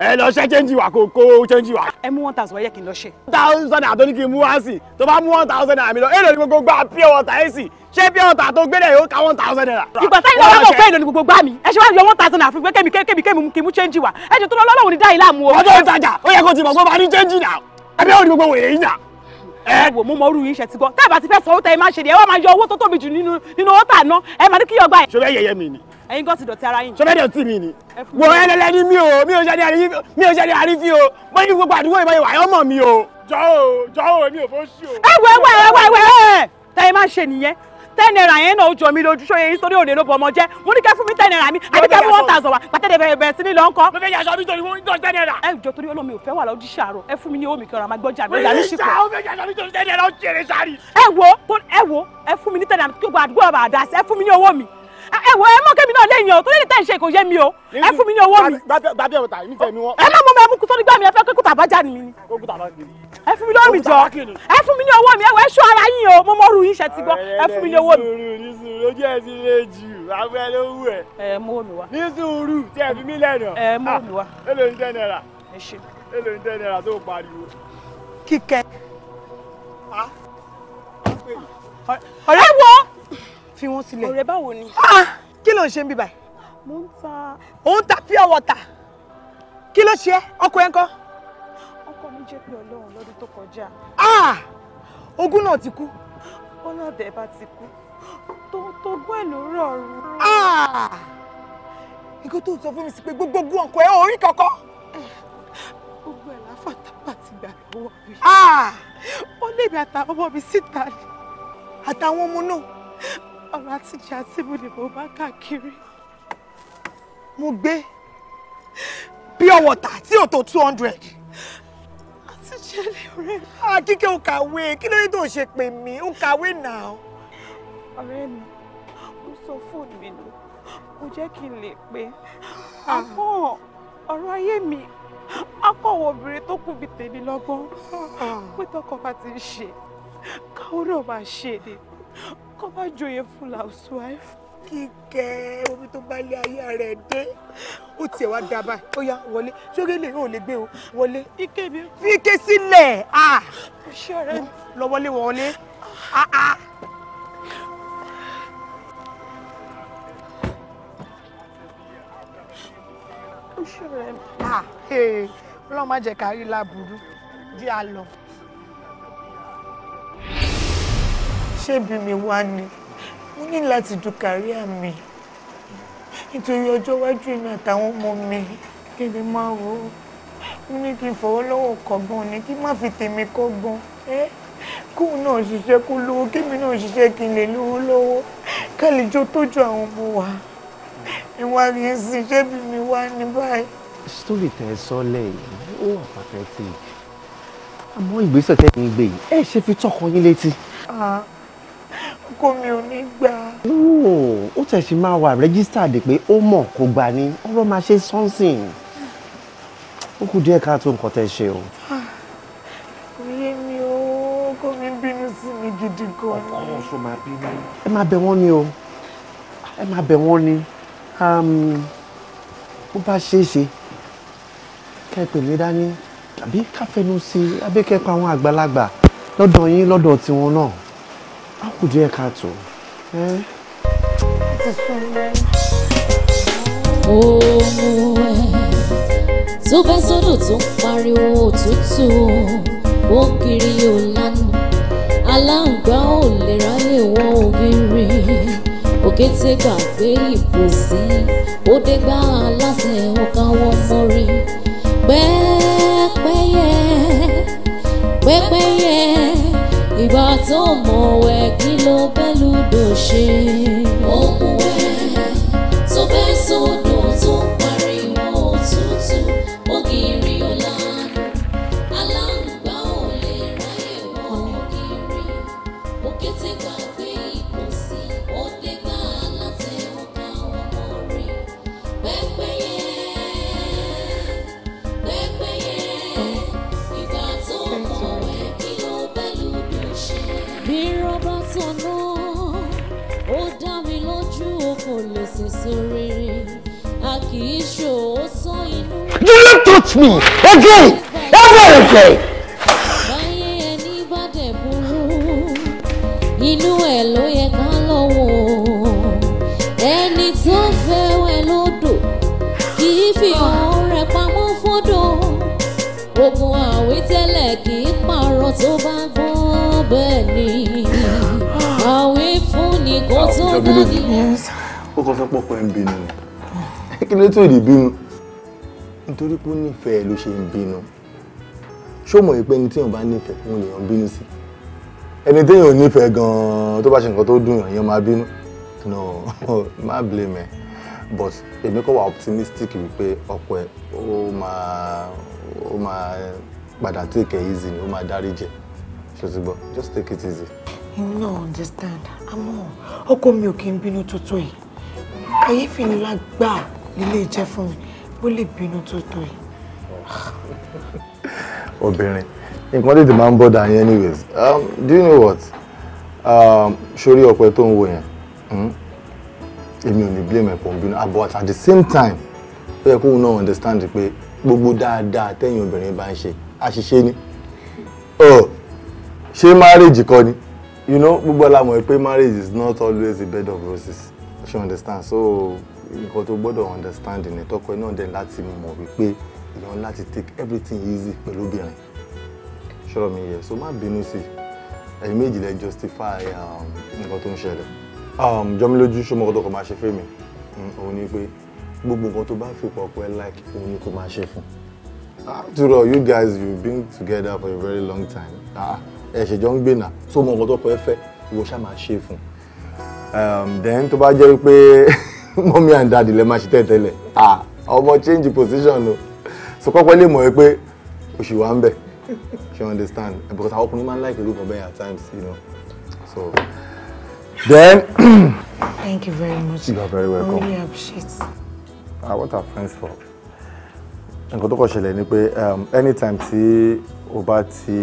ẹ lọ ṣe chẹ́ńjì wà kó kó chẹ́ńjì wà. ẹ mú one thousand wáyé kí n lọ ṣe. one thousand àtọ́ ní mú wá sí tó bá mú one thousand naira lọ èlò ní gbogbo gba pure water ẹ̀ ṣé pure water tó gbélé yóò ká one thousand naira. ìgbà táyé lọ́wọ́ mọ̀ pé èlò ní gbogbo gbá mi ẹ ṣe wá yọ one thousand àfi pé kémi kémi kémi kí n mú chẹ́ńjì wà ẹ jẹ́ tó lọ lọ́wọ́ ní dá ilé àmú o. ọjọ́ ìtajà ó yẹ kó ti mọ̀ ẹ bí mo mọ orú yìí ṣe ti gbọ́ tá ti fẹ́ sọ owó tẹ ẹ máa ṣe ni ẹ wá máa yọ owó tó tóbi jù nínú owó tà ná ẹ máa ní kí yọgbà ẹ. ṣé bẹ́ẹ̀ yẹyẹ mi ni ẹ̀yin gọ́ọ̀sì dọ̀tí ara yín. sọfẹ́ dọ̀tí mi ni wò ó ẹlẹ́lẹ́ ní mi o mi ò ṣẹ́ni àrífín mi ò ṣẹ́ni àrífín o mo ní gbogbo àdúgbò ìbáyọ̀ wà ọmọ mi o. jọ o jọ o èmi ò fọ́ sí o. ẹ wẹ wẹ wẹ wẹ ẹ tẹ́yẹ má ṣe nìyẹn ten naira yẹn náà ó jọ mi lójú sóye nítorí òde ló bọ ọmọ jẹ mo ní kẹ fún mi ten naira mi àbí kẹ fún one thousand wa pàtẹ́dẹ̀ bẹ̀rẹ̀ bẹ̀rẹ̀ sí ni lọ ń kọ́. mo fẹ́ yàtọ̀ naira. ẹ jọ torí olómi ò fẹ́ wà lọ́dún ṣàárọ̀ ẹ fún mi ní owó mi kí ọ̀rọ̀ máa gbọ́jà mi ìyá mi ṣì kọ́. mo fẹ́ naira ó jèrè sáré. ẹ wo ẹ wo ẹ fún mi ní ten naira kí gbogbo àdúgbò ọba àdá sí ẹ fún ẹ wọ ẹ mọ kẹmi náà lẹ́yìn o tó lẹ́yìn tẹ ẹ ṣe kò yé mi o ẹ fún mi ní owó mi. bàbá ọ̀tá mi tẹ̀ mi wọ́n. ẹ má mọ mọ ẹmu kú sórí gbá mi ẹ fẹ́ kókútà àbájá ni mi. kókútà àbájá ni mi. ẹ fún mi lórí jọ ẹ fún mi ní owó mi ẹ wọ ẹ ṣọ́ ara yín o mo mọ ru yín ṣe ti gbọ́ ẹ fún mi ní owó mi. ní sùúrù ojú ẹ ti lè jù abẹ́ ló wù ẹ. ẹ mú òmì wá. ní sùúrù tí ẹ fi mí lẹ́nu. ẹ mú òmì wá. Ah, èló ń tẹ́ náírà. ẹ ṣe. èló ń tẹ́ náírà tó pariwo. kíkẹ́. Ah. ọ̀rẹ́ wo fi wọ́n sílẹ̀. ọ̀rẹ́ báwo ni. Ah, kí ló ń ṣe ń bí báyìí. mo ń ta. ò ń ta pure water. kí ló ṣe ọkọ ẹ ń kọ́. ọkọ mi jẹ́ pé ọlọ́run lọ́dún tó kọjá. Ah, ogún náà ti kú. bọ́lá ọ̀dẹ̀ bá ti kú tó tó gbọ́ ẹ̀ ló rọrùn. Ah, nǹkan tó sọ fún mi sí pé gbogbo ogún ọkọ ẹ ò kankan. gbogbo ẹ̀ láfàtàpà ti gbà lọ́wọ́ mi. ó lè mi àtàwọn ọmọ mi síta ni. àtàwọn ọmọ náà ọ̀rọ̀ àtijọ́ àti mo ni mo bá káàkiri. mo gbé pure water tí ò tó two hundred. àtijọ́ ni ọ̀rẹ́ mi. àkíkẹ́ ah, ò kàwé kí ló dé tó ṣe pè mí ò kàwé náà. ọ̀rẹ́ mi mo sọ fóònù mi nù kò jẹ́ kí n lè pé ah. àmọ́ ọ̀rọ̀ ayé mi akọ̀wọ̀ obìnrin tó kù bíi tèmi lọ́gbọ́n ah. pé tọkọ bá ti ń ṣe káwọn náà máa ṣe ni. Come and join joyè full housewife. Kike, omi tó bá lé ayé rẹ̀ dé ó tiẹ̀ wá dábàá ó yá wọlé sórí ilé yóò lè gbé o wọlé. ike mi. fi ike sílẹ̀ ah. ṣé ọ̀rẹ́ mi. lọ wọlé wọlé ah ah. ṣé ọ̀rẹ́ mi. ah ọlọ́run má jẹ́ ká rí láburú bí a ṣébi mi wá ni mo ní láti du kàríà mi nítorí ọjọ́ iwájú mi àtàwọn ọmọ mi kí ni máa wò ó mo ní kí n fọwọ́ kọ́gbọ́n ni kí n má fi tèmi kọ́gbọ́n ẹ́ kóun náà ṣiṣẹ́ kó lówó kémi náà ṣiṣẹ́ kí n lè lówó lọ́wọ́ ká lè jó tójú àwọn ọmọ wa ìwà yẹn sì ṣébi mi wá ní báyìí. sítórì tẹ ẹ sọ lẹ́yìn ó wà pàtẹ́tì àmọ́ ìgbésẹ̀ tẹ́ ẹ gbé yìí ẹ ṣe fi tọkọ yín létí. Ah, kókó mi ò ní gbà. ó tẹ̀sí máa wà rẹ́gísítàdì pé ó mọ̀ kó gbà ní ọ̀rọ̀ máa ṣe sọ́nsìn ó kù díẹ̀ káàtó nǹkan tẹ́ ṣe o. oyè mi ò kó mi bínú sí mi gidi gan ni. ọkọ ọsùn máa bínú. ẹ máa bẹ̀ wọ́n ni o ẹ máa bẹ̀ wọ́n ni um, bó bá ṣeé ṣe mi dání tàbí káfẹ́nu sí abẹ́kẹ́pẹ́ àwọn àgbàlagbà lọ́dọ̀ yín lọ́dọ̀ tiwọn náà á kù díẹ̀ káàtó. ohun ẹ̀ tó bẹ́ sódò tó ń pariwo òtútù ó kiri ò lánàá aláǹgbá ò lè ráyè wọ ògiri òkété gbàgbé ìbòsí o dé gbá aláṣẹ ọ̀gá wọn mọ́rí pẹ́ẹ́pẹ́yẹ pẹ́pẹ́yẹ ìgbà tó mọ̀ wẹ̀ kí ló bẹ́lú dò ṣe. ó mú wẹ̀. lè ṣèṣe rere a kì í ṣòwò sọ inú. do not touch me again ever again. báyé ẹni bá dẹ̀ burú inú ẹ̀ ló yẹ ká lọ́wọ́ ẹni tó fẹ́ wẹ̀ lódò kì í fi ọ̀hún rẹ̀ pamọ́ fọ́dọ̀ ogun àwítẹ́lẹ̀ kì í pààrọ̀ tó bá gbọ́ bẹ́ẹ̀ ni àwífúnni kò tó dání ó kàn fẹ́ pọ́pọ́ ẹ̀ ń bínú ni kí ló tó lè bínú nítorí pé ó nífẹ̀ẹ́ ló ṣe ń bínú ṣó mọ̀ pé ẹni téèyàn bá nífẹ̀ẹ́ òun lèèyàn bínú sí ẹni téèyàn ò nífẹ̀ẹ́ gan-an tó bá ṣe nǹkan tó dùn èèyàn máa bínú no má blame ẹ but èmi kò wà optimistic wípé ọkọ ẹ ó máa ó máa padà take it easy ni ó máa dáríjì ṣòṣùgbọ́n just take it easy. you no understand àmọ́ ọkọ mi ò kí ń bínú tó yìí kàyéfì ńlá gbà nílé ìjẹ́ fún mi ó lè bínú tó tó yìí. obìnrin nǹkan tètè máa ń bọ́dà yẹn anyways um, do you know what um, sórí ọ̀pẹ tó ń wo yẹn hmm? èmi ò ní blame ẹ̀pọ̀ bínú but at the same time ó yẹ kóun náà understand pé gbogbo dáadáa tẹ́yìn obìnrin bá ń ṣe àṣìṣe ni ṣé marriage kọ́ ni you know gbogbo alamọ̀ pé marriage is not always a bed of roses you understand so nǹkan tó gbọ́dọ̀ understand ni tọkọ ẹ náà dẹ̀ láti mọ̀ wípé èèyàn láti take everything easy pẹ̀lú obìnrin ṣọ́rọ̀ mi yẹ so má bínú sí ẹ̀yin méjì lẹ justify um, nǹkan tó ń ṣẹlẹ̀ um, jọmílójú ṣọmọkọ tó kọ máa ṣe fẹ́ mi mm, òun ni pé gbogbo nǹkan tó bá fi pọ̀ pẹ́ like òun ni kò máa ṣe fún after ah, all you guys you been together for a very long time ah, ẹ ṣèjọ ń gbé náà so mọ nǹkan tó kọ ẹ fẹ́ ìwọ ṣá máa ṣe fún un Um, then tó bá jẹ́ wípé mọ́mí and dadi lè máa ṣe tẹ́tẹ́lẹ̀ ọmọ change position o so kọ́kọ́ lè mọ̀ ẹ́ pé oṣù wa ń bẹ̀ she understand because àwọn ọkùnrin máa ń like irú kan bẹ́ẹ̀ at times you know so then. thank you very much you are very welcome I really appreciate. I ah, want our friends for. nǹkan tó kọ̀ ṣẹlẹ̀ ni pé um, anytime tí o bá ti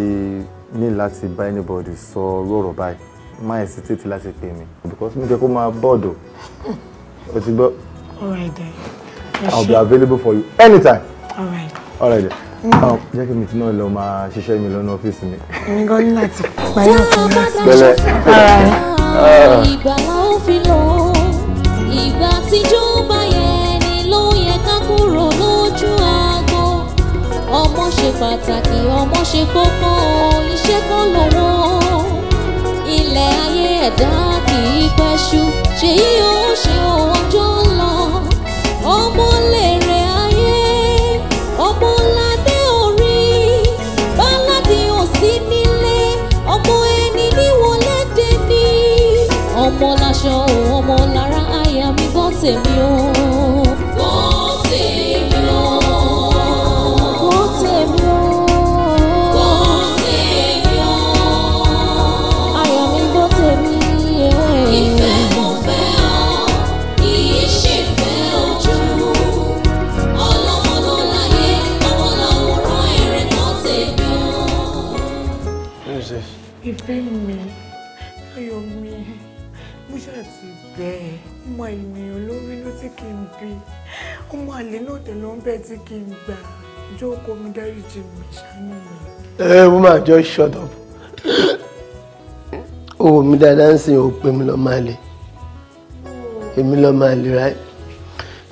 ní láti bá anybody sọ rọ̀rọ̀ báyìí má hesitate láti pè mí because mi jẹ́ kó máa bọ́ọ̀dù o ti gbọ́. all then. I'll be available for you anytime. Alright. Alright all then mm. jẹ́ kí mi tí náà lọ máa ṣiṣẹ́ mi lọ́nà ọ́fíìsì mi. mi gan ní láti parí ọ̀fun láti. bẹ́lẹ̀ ara ó fi lò ìgbà tíjọ́ bá yẹn ni ló yẹ ká kúrò lójú aago ọmọ ṣe pàtàkì ọmọ ṣe kókó iṣẹ́ kan lọ́wọ́ ìmọ̀lẹ̀ ayé ẹ̀dá kì í pẹ́ ṣú tí kí n gbà jókòó mi dáríjì mi ṣàánú mi. ẹ mo máa jọ shut up owó oh, mi dáadáa ń sìn ó pé mi lọ máa lè èmi lọ máa lè ráì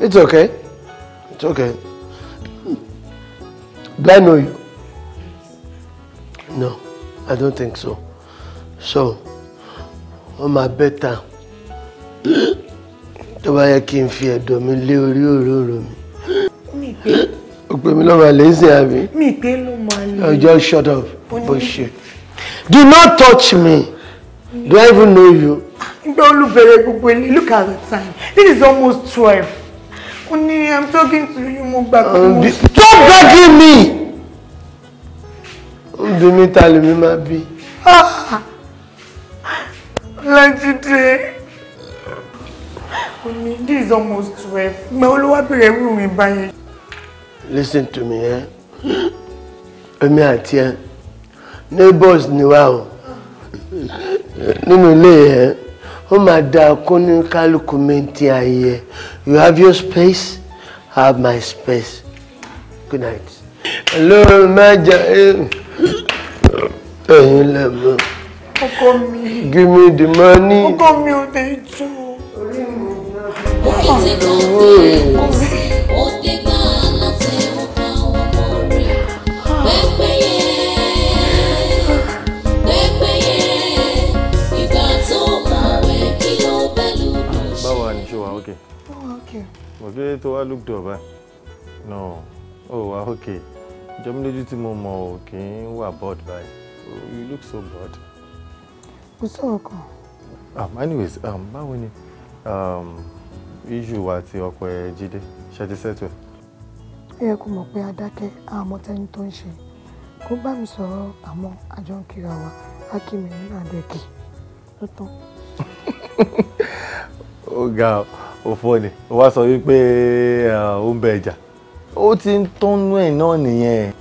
it's okay it's okay do I know you no I don't think so so wọ́n máa bẹ́ta tó bá yẹ kí n fi ẹ̀dọ̀ mi lé orí òróró mi òpè mi lọ́mọ àlè ṣe àbí. mi pé ló máa lè. just shut up bó do not touch me do I even know you. ìgbà olùbẹ̀rẹ̀ gbogbo ilé look at the time this is almost twelve. o i'm talking to you mo gbà pé um, mo. stop begging me. ń dun mi ta lèmi máa bí. Lajide. Omi, this is almost twelve. Ìgbà olówó bẹ̀rẹ̀ wù mí báyìí listen to me eh. èmi àti ẹ neighbors ni wá o nínú ilé ẹ ó máa da kóní kálukú méntì ayé ẹ you have your space I have my space good night. Hello, mẹjọ eh, ẹyin lè mọ. ọkọ mi. give me the money. ọkọ mi ò dé jù. orí mi ò dé jù. orí ti kò dé kò ó dé gbà. mo kí lóde tó look dọ̀ báyìí no ó oh, okay. ok jọmí lójú tí mo mọ̀ ò kì í bored báyìí oh, you look so bored. kò sọ̀rọ̀ kan. Um, anyways um, báwo ni um, issue wa ti ọkọ ẹ jíde ṣe ti settle ẹ yẹ kó mọ̀ pé adákẹ́ àmọ́ tẹ́ni tó ń ṣe kó bá mi sọ̀rọ̀ àmọ́ àjọ ń kíra wa á kí mi nínú àdẹ́kì ló tán. òfò ni ó sọ wípé ó ń bẹ ẹja ó ti ń tọ́nú ẹ̀ náà nìyẹn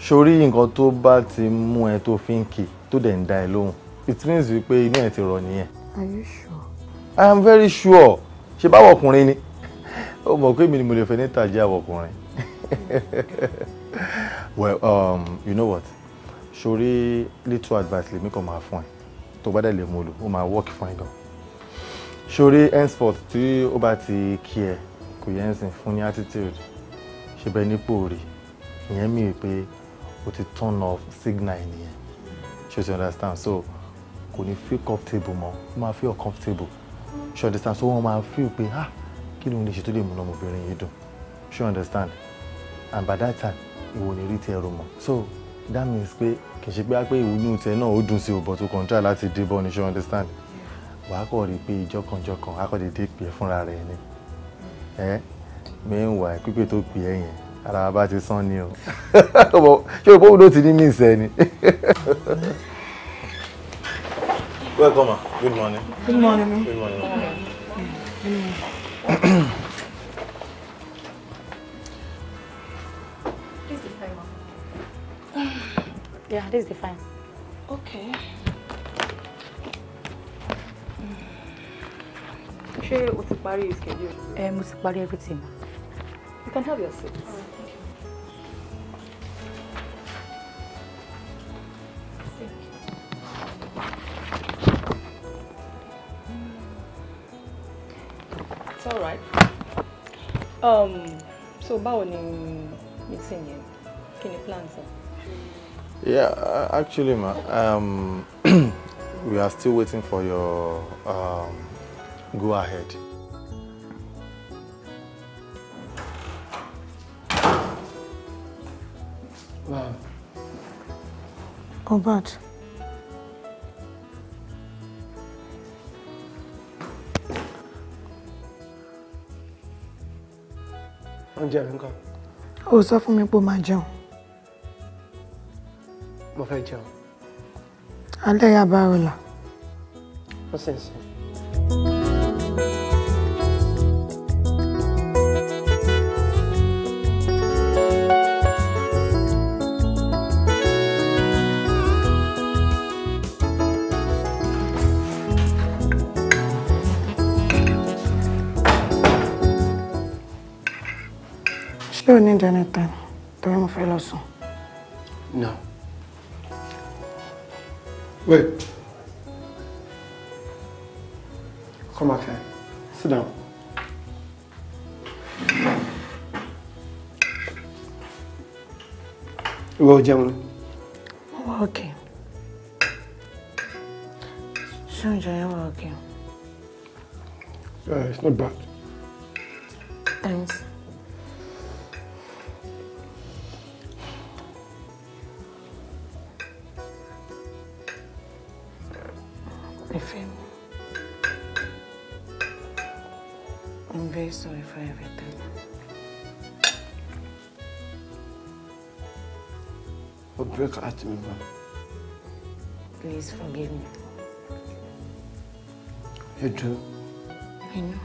sórí nǹkan tó bá ti mú ẹ tó fi ń kì tó dẹ̀ ń da ẹ lóhùn it means wípé inú ẹ ti rọ̀ nìyẹn. are you sure. i am very sure ṣe báwọ̀ ọkùnrin ni ó mọ̀ pé mi ni mo lè fẹ́ ní tàjí àwọ̀ well um, you know what sórí little advice lèmi kan máa fún ẹ tó bá dẹ̀ lè mú lò ó máa work fún gan ṣoré henceforth tí ó bá ti kí ẹ kò yẹ sìn fún ní attitude ṣe bẹ nípò rè ìyẹn mi pé o ti turn off signal ìnìyẹn ṣe ti understand so kò ní feel comfortable mọ́ ó máa feel comfortable ṣe understand so wọ́n máa feel pé ah kí ni mo lè ṣe tó lè múná ọmọbìnrin yìí dùn ṣe understand and by that time ìwọ ni rí ti ẹrù mọ́ so that means pé kì í ṣe pé á pé ìwúlò tiẹ̀ náà ó dùn sí o but o kàn try láti dé bọ́ ni ṣe understand wàá kọ̀ rí pé ìjọkànjọkàn á kọ́ dédé pè é fúnra rẹ̀ ni ẹ meanwhile pípé tó pè é yẹn ara bá ti sán ni o ṣé o ló ti ní mí ìsẹ́ ni. welcome ma good morning. good morning good morning. Good morning. Please define ma. Yeah, this is the fine. Okay. ṣé o ti parí schedule. ẹ mo ti parí everything you can have your seat. Oh, It's all Um, so báwo ni meeting yẹn? Kí ni plans ẹ? Yeah, actually, ma, um, we are still waiting for your um, Go ahead. Wow. Obad. Oúnjẹ mi ń kọ́. O sọ fún mi pé o máa jẹun. Mo fẹ́ jẹun. Alẹ́ yà bá ò ní ìdẹ́ni tán mon mo Non. No. Wait. Come back here. Sit down. Ìwọ ò jẹun. Ça wà it's not bad. to move on. Please forgive me. You too. I know.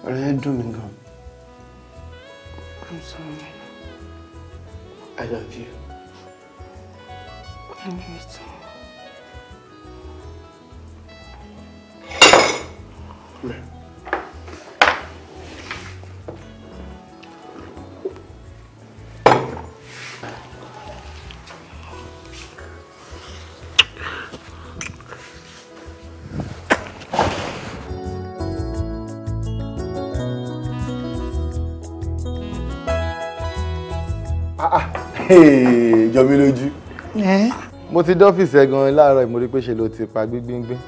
What are you doing, girl? I'm sorry. I love you. I know it's jọ mí lójú. mo ti dọ́fíìsì ẹ gan-an láàárọ̀ mo rí pé ṣe ló ti pa gbígbíngbín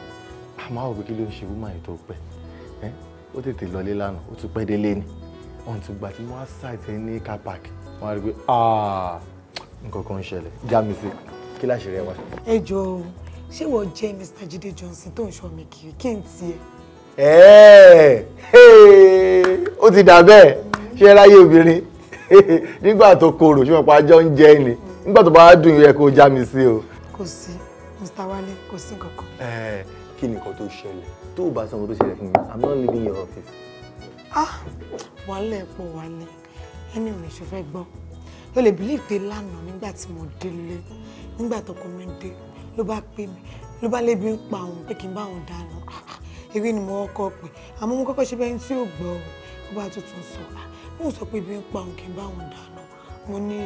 àmọ́ àwọn òbí kí ló ń ṣe wúmọ̀ yìí tó pẹ́ ó tètè lọlé lánàá ó tún pẹ́ délé ni ọ̀n tún gbà tí wọ́n á ṣàìsẹ́ ní car park wọ́n á rí pé ah, nǹkan kan ń ṣẹlẹ̀ já mi sí kí láṣẹ rẹ wá. ẹ jọ ṣé wọ́n jẹ́ Mr. Jide Johnson tó ń ṣọ́ mi kiri kí n tiẹ̀ ó ti dà bẹ́ẹ̀ ṣe ráyè obìnrin nígbà tó korò ṣé wọn pa àjọ ń jẹ ni nígbà tó bá dùn yẹ kó já mi sí o. kò sí Mr. Wale kò sí kankan. ẹ kí ni nǹkan tó ṣẹlẹ̀ tó o bá sọ nǹkan tó ṣẹlẹ̀ fún mi i'm not leaving your office. ah wàhálà ẹ pọ̀ wá ní ẹni mi ṣe fẹ́ gbọ́ ló lè believe pé lánàá nígbà tí mo délé nígbà tọkọ mi dé ló bá pè mí ló bá lébi ń pa òun pé kí n bá òun dáná ah, ah, ewé ni mo kọ́kọ́ pè àmọ́ mo kọ́kọ́ ṣe bẹ́ẹ̀ tí ò gbọ́ ọ bá tuntun sọ ó sọ pé ibi ń pa òun kì í bá òun dáná mo ní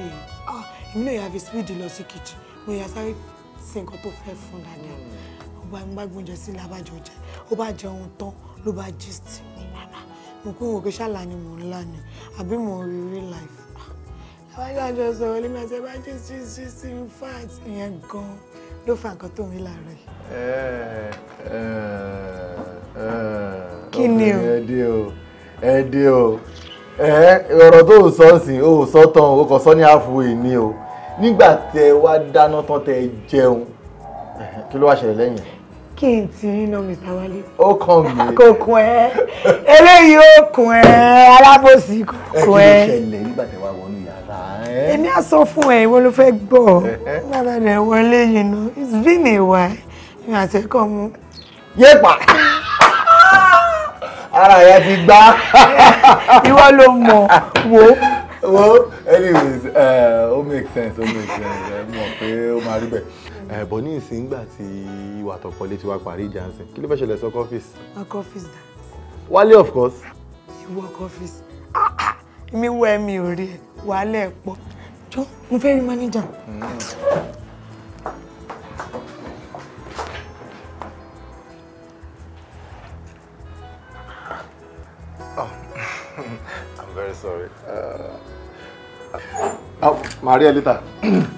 ah, èmi náà fi síbìdì lọ sí kìtì mo yà sáré sí nǹkan tó fẹ́ fún dáadáa ó bá mi gbóúnjẹ sí làbájọ jẹ ó bá jẹ ohun tán ló bá gist mi rárá mo kí wọn kò mò ń lá ni àbí mò ń rí real life àbájọ ah. àjọ sọ̀rọ̀ lẹ́mi àti ẹ̀bá gist gist in fact ìyẹn gan ló fa nǹkan tó ń rí láàárọ̀ yìí. kí ni o. ẹ dé o ẹ dé o ẹ ọ̀rọ̀ tó o sọ sí o sọ tán o kò sọ ní àfo èmi o nígbà tẹ wá dáná tán tẹ jẹun kí ló wá ṣẹlẹ̀ lẹ́yìn. kí n ti iná mr wale. ó kàn mí. kò ẹ eléyìí ó kún ẹ alábòsí kò ẹ. ẹ kí ló ṣẹlẹ̀ nígbà tẹ wá wọnú yàrá ẹ. èmi á sọ fún ẹ ìwọ ló fẹ́ gbọ́ bàbá rẹ̀ wọlé yìí nù it's been a while mi àtẹkọ mu. yéèpà ara yẹn ti gbá. ìwọ ló mọ̀ wò well anyways uh, uh, make sense ó make sense ẹ mọ̀ pé ó máa rí bẹ́ẹ̀. ẹ̀bọ̀ eh, ní ìsìn gbà tí ìwà àtọ̀kọ́lé ti wá parí ìjà ńsìn kí ló fẹ́ ṣẹlẹ̀ sọ́kọ́ ọ́fíìsì. ọkọ ọ́fíìsì dà. wálé of course. ìwọ ọkọ ọ́fíìsì ah, ah, mi wọ ẹ̀mí ò rí wàhálà ẹ̀ pọ̀ jọ mo fẹ́ rí mánéjà. Oh, I'm very sorry. Uh, I'll marry you later.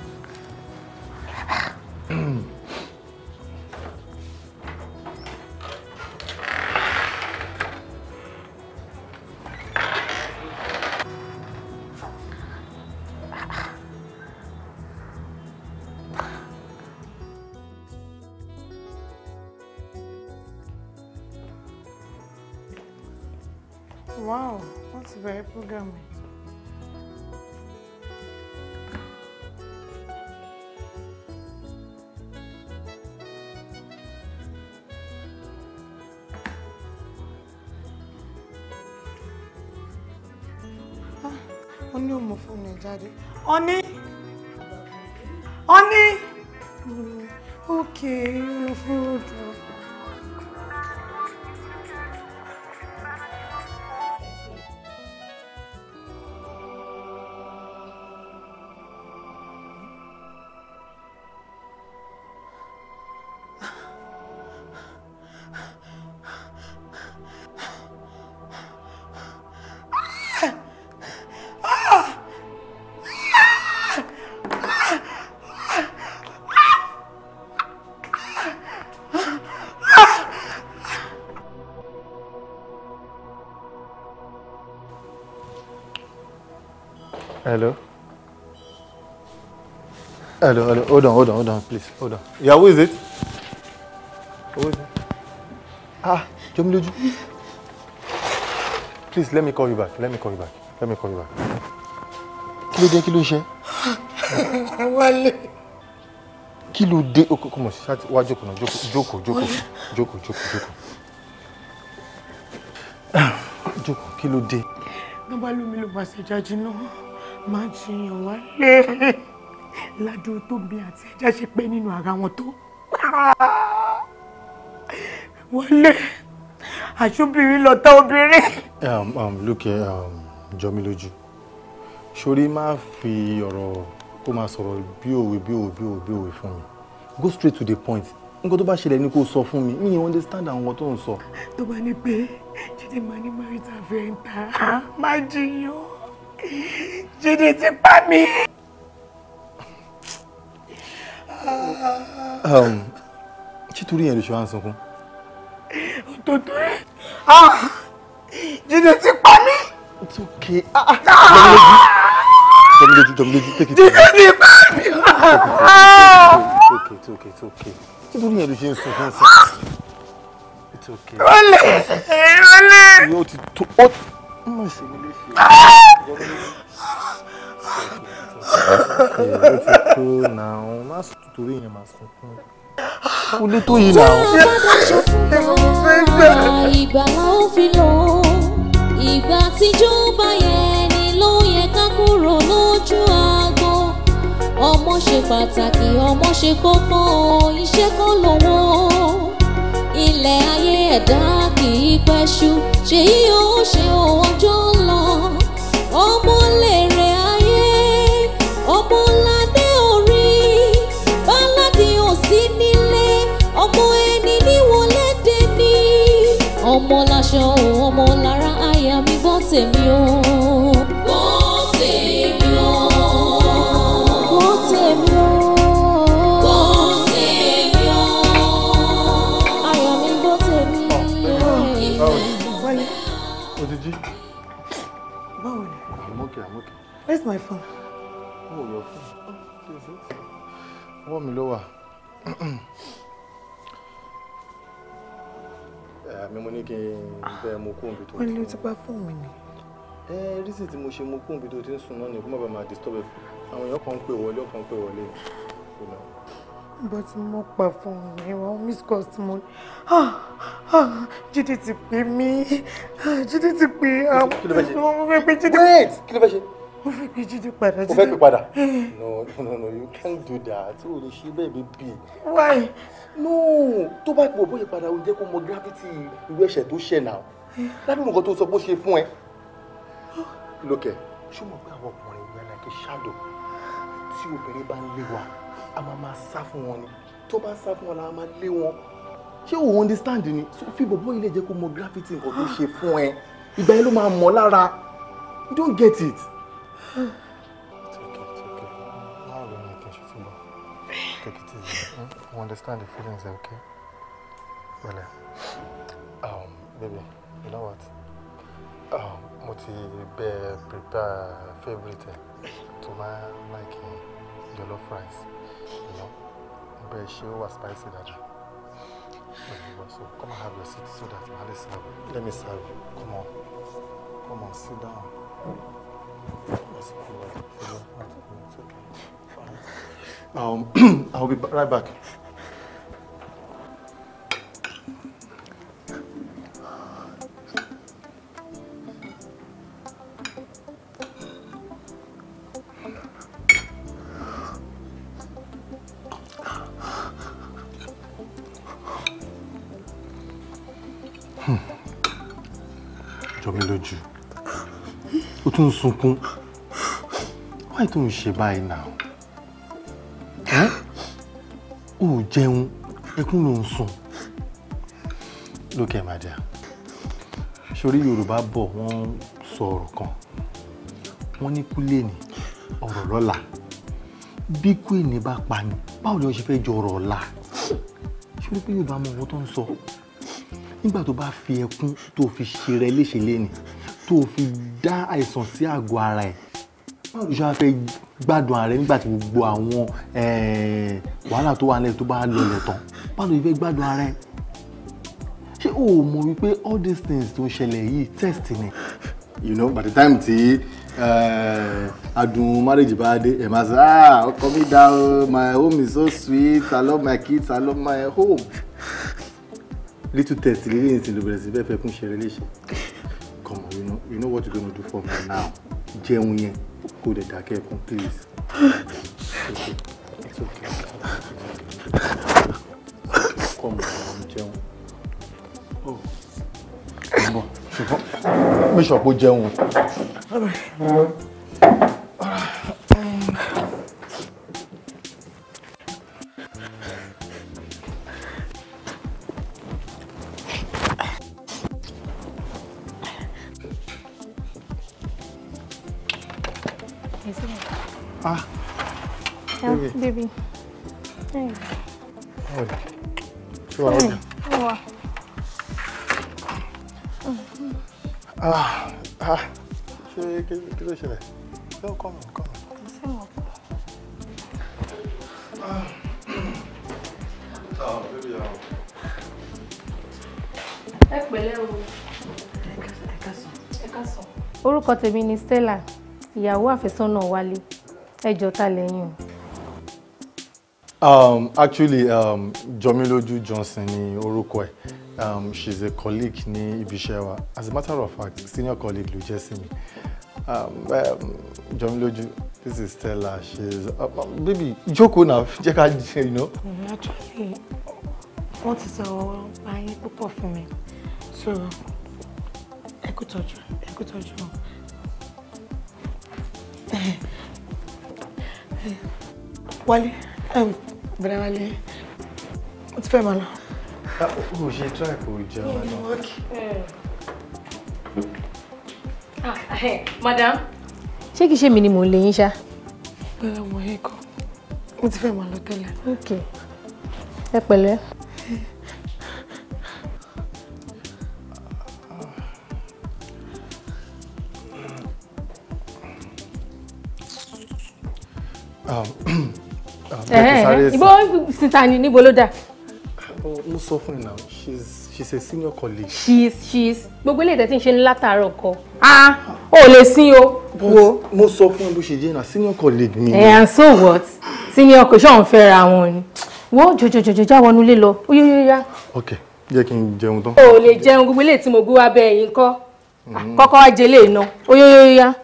Hello, hello. Hold on, hold on, hold on, please. Hold on. Yeah, who is it? Who is it? Ah, Jomiloju. Please, let me call you back. Let me call you back. Let me call you back. Kí ló dé, kí Wale. ṣe? Wálé. Kí o come on, ṣáàtì wá jókòó náà, jókòó, jókòó, jókòó, jókòó, jókòó. Jókòó, kí ló dé? Nọ́bálómi ló bá ṣèjà jiná, máa jiyàn wálé ládùúgbò tó mi àti ẹja ṣe pé nínú ara wọn tó. wọlé àṣùbìnrin lọ́tọ̀ obìnrin. lókè jọ mí lójú sori máa fi ọ̀rọ̀ kó máa sọ̀rọ̀ bí òwe bí òwe bí òwe bí òwe fún mi go straight to the point nǹkan tó bá ṣẹlẹ̀ ni kó sọ fún mi mi yẹn understand àwọn tó ń sọ. tó bá ní pé jíde máa ní marital affair ń ta máa jiyàn jíde ti pa mí. títorí um, yẹn ló ṣe wá ń sunkún. òtòtò ẹ ah! jíde ti pa mí. it's okay. jọmọlójú ah! jọmọlójú take it. jíde ti pa mí. it's okay it's okay it's okay títorí yẹn ló ṣe ń sunkún sí. it's okay. wọlé wọlé. o ti tó o. mo ṣe ṣe. Ah! èrò ti tó náà má sùn torí yẹn má sùn fún un kúlé tó yìí náà. ìgbà ló fi lò ó ìgbà tíjú bá yẹn ni ló yẹ ká kúrò lójú aago ọmọ ṣe pàtàkì ọmọ ṣe kókó iṣẹ́ kan lówó ilẹ̀ ayé ẹ̀dá kì í pẹ́ ṣu ṣèyí ó ṣe òwòjọ́ lọ ọmọ lè rí. tèmi oh, Wò tèmi o. Wò tèmi o. Wò tèmi o. Ayọ̀ mi gbọ́ tèmi. Báwo ni? Wáyé. Odidi. Báwo ni? I'm okay, I'm okay. Where's my phone? Oh, your phone. Ọwọ́ mi ló wà. Ẹ̀mí eh, mo ní kí n bẹ́ẹ̀ mú kóńbì tó. Wọ́n ló ti bá fóònù mi ẹ rísì tí mo ṣe mo kún ibi tó ti ń sùn náà ni kó má bàa máa disturb ẹ àwọn èèyàn kan ń pè wọlé ọkàn ń pè wọlé ni. bó ti mọ pa fún mi wọn miss cost mo ah, ah, jíde ti pè mí ah, jíde ti pè àwọn mo fẹ́ pé jíde. wait kí ló fẹ́ ṣe. mo fẹ́ pé jíde padà jíde. mo fẹ́ pé padà. Eh. no no no you can't do that o lè ṣe bẹ́ẹ̀ baby. why. no tó bá pọ̀ bóyá padà o jẹ́ kó mọ gravity irú ẹ̀ṣẹ̀ tó ṣẹ̀ náà eh. lábẹ́ nǹkan tó sọ bó ṣe fún ẹ lókè. ṣé mo pé àwọn ọkùnrin wẹ̀ like a shadow tí obìnrin bá ń lé wa a máa máa sá fún wọn ni tó bá sá fún wọn la a máa lé wọn ṣé òun understand ni so fi bọ̀bọ̀ yìí lè jẹ́ kó mọ graffiti nǹkan tó ṣe fún ẹ ìgbà yẹn ló máa mọ̀ lára you don't get it. Take it easy. You understand the feelings, eh, okay? Well, eh, um, baby, you know what? Um, mo ti bẹ prepare favourite ẹ tó like jollof rice ìyàn bẹ ṣé ó wà spicy dáadáa so come and have your seat so that màá lè serve you let me serve you come on come on sit down let's go back to the house it's okay. Um, I'll be right back. tó ń sunkún wáyé tó ń ṣe báyìí náà ó jẹun ẹkún ló ń sùn lókè màdà sórí Yorùbá bọ̀ wọ́n sọ ọ̀rọ̀ kan wọ́n ní kú lè ní ọ̀rọ̀ lọ́la bí kú ènì bá pa ni báwo ni wọ́n ṣe fẹ́ jọ ọ̀rọ̀ ọ̀la sórí pé Yorùbá mọ ohun tó ń sọ nígbà tó bá fi ẹkún tó fi ṣe rẹ léṣe lẹ́nìí tó fi dá àìsàn sí àgọ́ ara ẹ̀ báwo ló ṣe wá fẹ́ gbádùn ààrẹ nígbà tí gbogbo àwọn eh, wàhálà tó wà nílẹ̀ tó bá lọlẹ̀ tán báwo ló ṣe fẹ́ gbádùn ara ẹ̀ ṣé o mọ̀ wípé all these things tó ń ṣẹlẹ̀ yìí test ni. you know by the time ti eh, adùn marriage bá dé ẹ̀ máa sọ ah ọkọ mi dá o my home is so sweet i love my kids i love my home little test lè ní ìsìn ló bẹ̀rẹ̀ sí fẹ́ fẹ́ kún ṣe relation you know what you're gonna do for me now jẹun yẹn kó the dákẹ́ ẹkún please it's okay it's okay kọ́ mi kọ́ mi jẹun oh ṣùgbọ́n mi ṣọ̀pọ̀ jẹun. Оля. Чула, Оля. О. Ah, ah. Ṣé kí ló ṣẹlẹ̀? Yóò kọ́ mọ̀, kọ́ mọ̀. Kò sí mọ̀. Ẹ o. Ẹ Orúkọ tèmi ni Stella, ìyàwó àfẹ́sọ́nà Wálé. Ẹ jọ ta lẹ́yìn o. Um, actually, um, Jomiloju Johnson ni orúkọ Um, she's a colleague ni ibishewa. As a matter of fact, senior colleague ló jẹ́ Um, um, Jomiloju, this is Stella. She's uh, um, baby. joke náà, jẹ́ you know. Mm, actually, wọ́n ti sọ ọ̀rọ̀ ayé púpọ̀ fún mi. So, ẹ kú tọ́jú, ẹ kú tọ́jú. Wálé bẹ̀rẹ̀ wálé mo ti fẹ́ máa lọ. o ò ṣe try kò Ah, àná. madam ṣé kìí ṣe mi ni mò ń lè yín ṣá. bẹ́ẹ̀ mo yẹ kọ́ mo ti fẹ́ máa Um, ibo sita ni níbo ló dà. mo sọ fún ẹ náà she's she's a senior colleague. she's she's gbogbo ilé ìtẹ́tí ń ṣe ní látàárọ̀ kọ. ah o lè sin o. wo mo sọ fún ẹ bó ṣe na senior colleague mi. ẹ eh, so what senior kò ṣọ́n fẹ́ ra wọn ni wo jọjọjọjọ já wọnú ilé lọ oyóyóyá. ok jẹ́ kí n jẹun tán. o lè jẹun gbogbo ilé tí mo gbé wá bẹ́ẹ̀ yín kọ́ mm. kọ́kọ́ wá jẹ ilé iná oyóyóyá.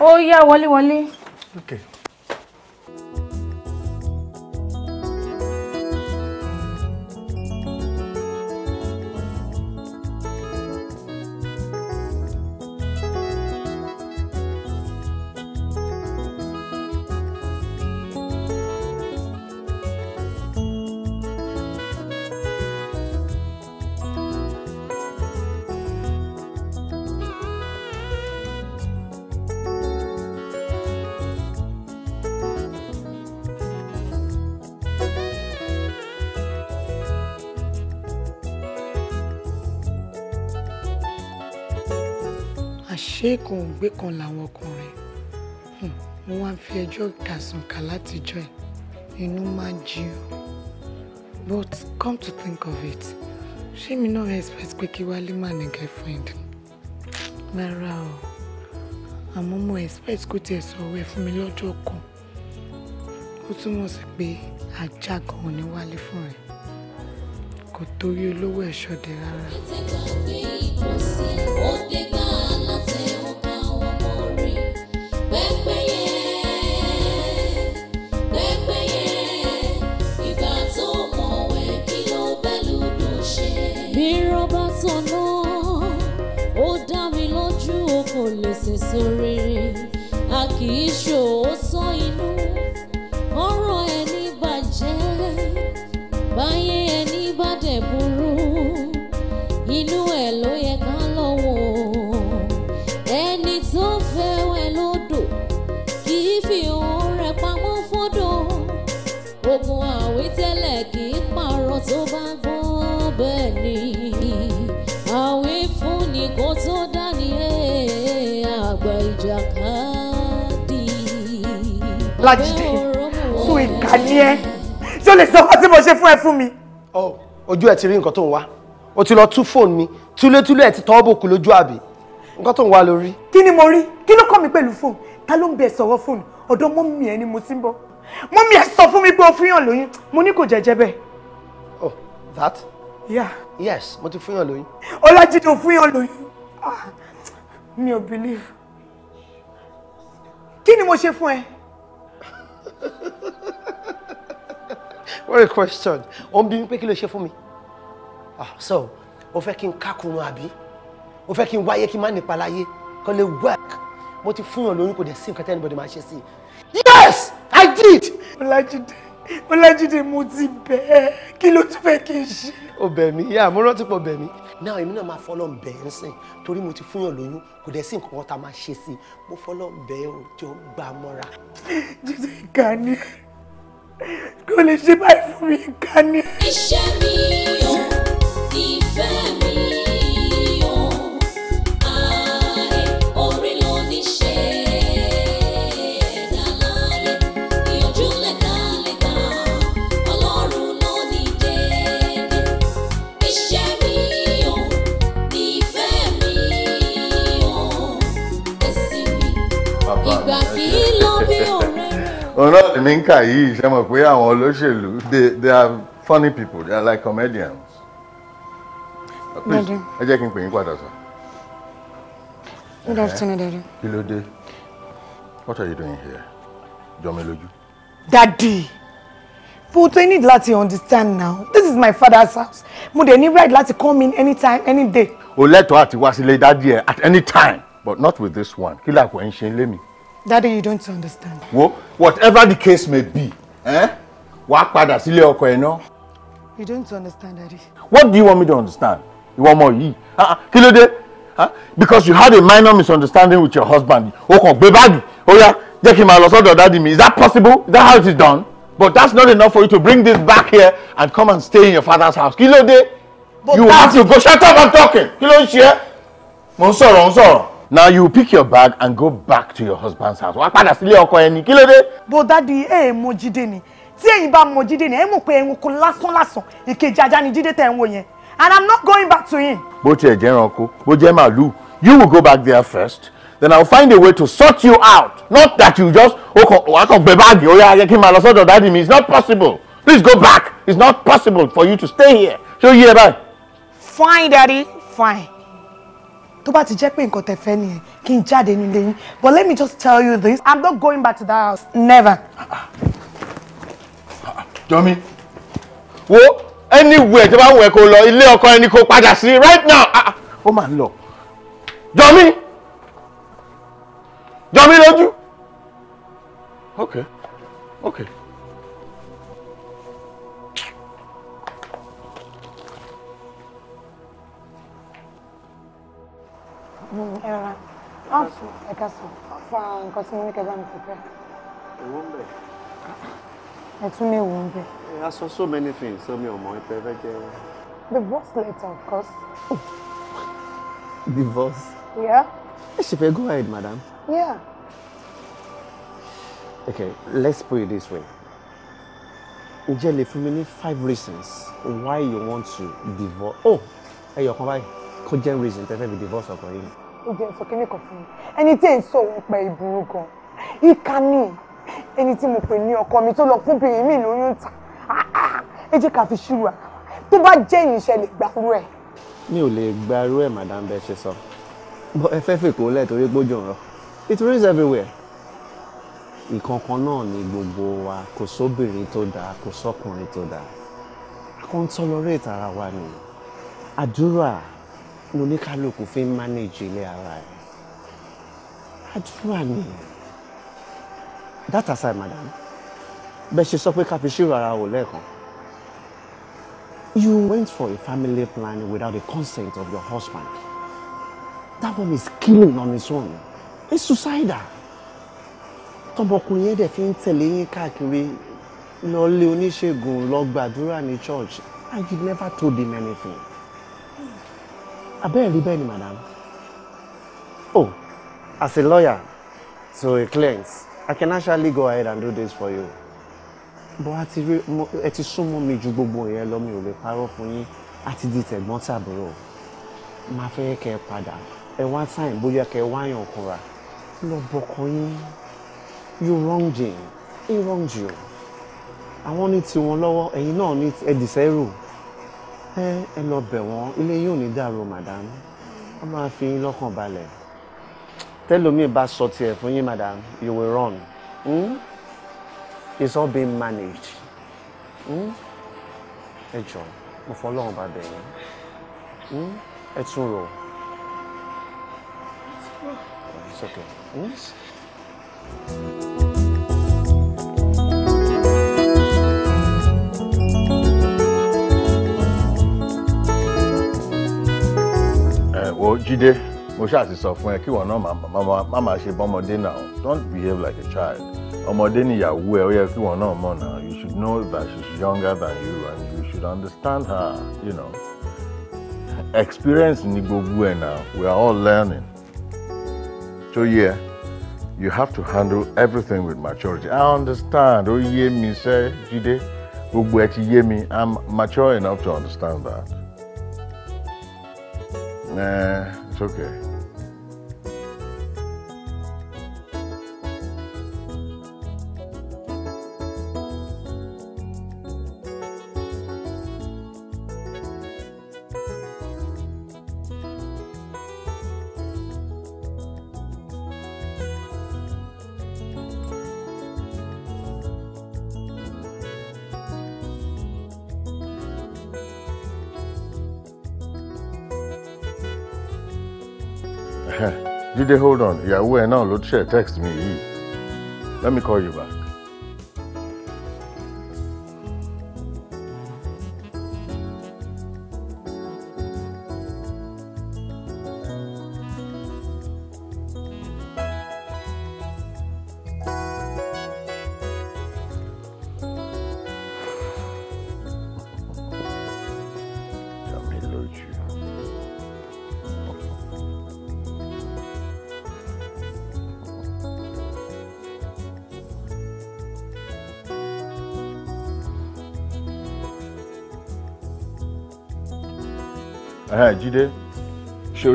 ó yá wọlé wọlé. okay. àṣé kan ò gbé kan làwọn ọkùnrin mo hmm, wá ń fi ẹjọ́ kàsùnkà látijọ́ ẹ̀ inú máa ń jí o but come to think of it ṣé mi náà expect pé kí wálé má ní girlfriend rárá o àmọ́ mo expect kó tiẹ̀ sọ̀rọ̀ ẹ̀ fún mi lọ́jọ́ kan ó túmọ̀ sí pé ajá gan-an ni wálé fún rẹ̀ kò torí olówó ẹ̀ ṣọdẹ rárá. ó dé torí a kì í Lájídé oh. so ìkà ni ẹ ṣé o lè sọ wá tí mo ṣe fún ẹ fún mi. Oh, ojú ẹ ti rí nǹkan tó ń wá o ti lọ tú fóònù mi túlétúlé ẹ ti tọ́ bòkú lójú àbí nǹkan tó ń wá lórí. kí ni mo rí kí ló kọ́ mi pẹ̀lú fóònù ta ló ń bẹ sọ̀rọ̀ fóònù ọ̀dọ̀ mọ́mí ẹ ni mo ti ń bọ̀ mọ́mí ẹ sọ fún mi pé o fún yàn lóyún mo ní kò jẹ́jẹ́ bẹ́ẹ̀. oh that. yeah. yes mo ti fún yàn lóyún. Ọlájídé ò fún yàn lóyún ah, mi ò believe kí ni mo ṣe fún ẹ what a question ó ń bi mí pé kí ló ṣe fún mi ah so ó fẹ́ kí n kákùnrún àbí ó fẹ́ kí n wáyé kí n má nípa láyé kó lè work mo ti fún yàn lóyún kò dẹ̀ sí nǹkan tí anybody máa ṣe sí yes i did. ọlájídé ọlájídé mo ti bẹ̀ ẹ́ kí ló tún fẹ́ kí n ṣe. ó bẹ̀ mí yá mo rántí pọ̀ bẹ̀ mí Now èmi náà máa fọlọ́ bẹ́ẹ̀ ń sìn torí mo ti fúnyàn lóyún kò dẹ̀ sí nǹkan tá máa ṣe sí i mo fọlọ́ bẹ́ẹ̀ ò jọ gbà mọ́ra. jíjẹ ìkànnì kò lè ṣe báyìí fún mi ìkànnì. iṣẹ́ mi ò ní fẹ́ mi. tẹ̀mí ń kà yìí ṣe mọ̀ pé àwọn olóṣèlú they they are funny people they are like comedians. Please ẹ jẹ́ kí n pè yín padà sọ. Good eh, afternoon, Daddy. Kí ló dé? What are you doing here? Jọ mi lójú. Daddy, but I need láti understand now. This is my father's house. Mo dẹ̀ ní right láti come in anytime, any day. O lẹ́tọ̀ọ́ àti wá sílé dádì ẹ̀ at any time but not with this one. Kí làkọ̀ ẹ̀ ń ṣe lé mi? Daddy, you don't understand. Well, whatever the case may be, eh? Wàá padà sílé ọkọ ẹ̀ You don't understand, Daddy. What do you want me to understand? Ìwọ ọmọ yìí. Ah, ah, kí ló dé? Ah, because you had a minor misunderstanding with your husband. Oko bebadi, gbé báàgì. Ó yá, jẹ́ kí n Is that possible? Is that how it is done? But that's not enough for you to bring this back here and come and stay in your father's house. Kí ló dé? You have to go. Shut up, I'm talking. Kí ló ń ṣe now you pick your bag and go back to your husband's house wàá padà sílé ọkọ ẹni kí ló dé. bó dádì ẹ ẹ mọ jíde ni tí èyí bá mọ jíde ni ẹ mọ̀ pé ẹranko lásán lásán ìkejì ajá ni jíde tẹ̀ ń wò yẹn and i'm not going back to him. bó tiẹ̀ jẹ́ ẹranko bó jẹ́ màálù you will go back there first then I'll find a way to sort you out not that you just wàá kàn gbé báàgì ó yá ayé kí n máa lọ sọ́dọ̀ dádì mi it's not possible please go back it's not possible for you to stay here So ó yí ẹ fine daddy fine tó bá ti jẹ́ pé nǹkan tẹ́ fẹ́ nìyẹn kí n jáde nílé yín but let me just tell you this i'm not going back to that house never. jọmi wo anywhere tó bá wù ẹ́ kó lọ ilé ọkọ ẹni kó padà sí right now ah, ah, ó máa ń lọ jọmi jọmi lójú okay okay. Mm. Ah, ẹ so many things so mi ò mọ divorce letter of course. Oh. divorce. yeah. she fẹ́ go ahead madam. yeah. okay let's put it this way. ǹjẹ́ for fún five reasons why you want to divorce. oh hey, your báyìí could jẹ́ reason to have a divorce ọkọ yìí ó jẹ́ sọ kí nìkan fún mi ẹni tí ẹ̀ ń sọ òun pa ìburú gan ìka ni ẹni tí mo pè ní ọkọ mi tó lọ fún bìnrin mi lóyún ta ẹ jẹ́ ká fi ṣúra tó bá jẹ́ ìyìnṣẹ́ lè gbàrú ẹ̀. mi ò lè gbàrú ẹ̀ madam bẹ́ẹ̀ ṣe sọ bọ́ ẹ fẹ́ fèkó lẹ̀ torí gbójú ọ̀rọ̀ it rains everywhere ìkankan náà ni gbogbo wa kò sóbìnrin tó dáa kò sọkùnrin tó dáa a kàn wa ni àdúrà lóníkálukú fi ń manage ilé ara ẹ̀ àdúrà ni that aside madam bẹ́ẹ̀ ṣe sọ pé ká fi ṣírò ara wò lẹ́ẹ̀kan you went for a family planning without the consent of your husband that one is killing on its own it's suicidal tọmọkùnrin yẹn dẹ̀ fi ń tẹ̀lé yín káàkiri lọ lé oníṣègùn lọ gbàdúrà ní church and you never told him anything abẹ́rẹ́ rí bẹ́ẹ̀ ni madam oh as a lawyer to a client I can actually go ahead and do this for you But a ti rí ẹ ti súnmọ́ mi ju gbogbo yẹn lọ mi ò lè parọ́ fún yín a ti di tẹ̀gbọ́n tàbúrò máa fẹ́ kẹ́ ẹ padà ẹ wá táyìn bóyá kẹ́ ẹ wáyàn ọkùnra lọ bọkọ yín you wronged him he wronged you àwọn ní tiwọn lọ́wọ́ ẹ̀yin náà ní ẹ̀dìsẹ́rù ẹ lọ bẹ̀ wọ́n ilé yóò ní dàrú madam wọ́n máa fi yín lọ́kàn balẹ̀ tẹ́lómi bá sọ tiẹ̀ fún yín madam you will run hmm? it's all being managed hmm? ẹ jọ mo fọ́ lọ́run bá bẹ̀ yín hmm? ẹ tún rò it's okay. Hmm? wo Jídé mo ṣáà ti sọ fún ẹ kí wọn náà má máa ṣe bọ́mọdé náà don't behave like a child ọmọdé níyàwó ẹ ó yẹ kí wọn náà mọ̀ náà you should know that she's younger than you and you should understand her you know experience ni gbogbo ẹ náà we are all learning so yeah you have to handle everything with maturity I understand ó yé mi sẹ́ Jídé gbogbo ẹ ti yé mi I'm mature enough to understand that. Nah, it's okay. Jide hold on ìyàwó ẹ̀ náà ló ṣe text mi yìí let me call you back.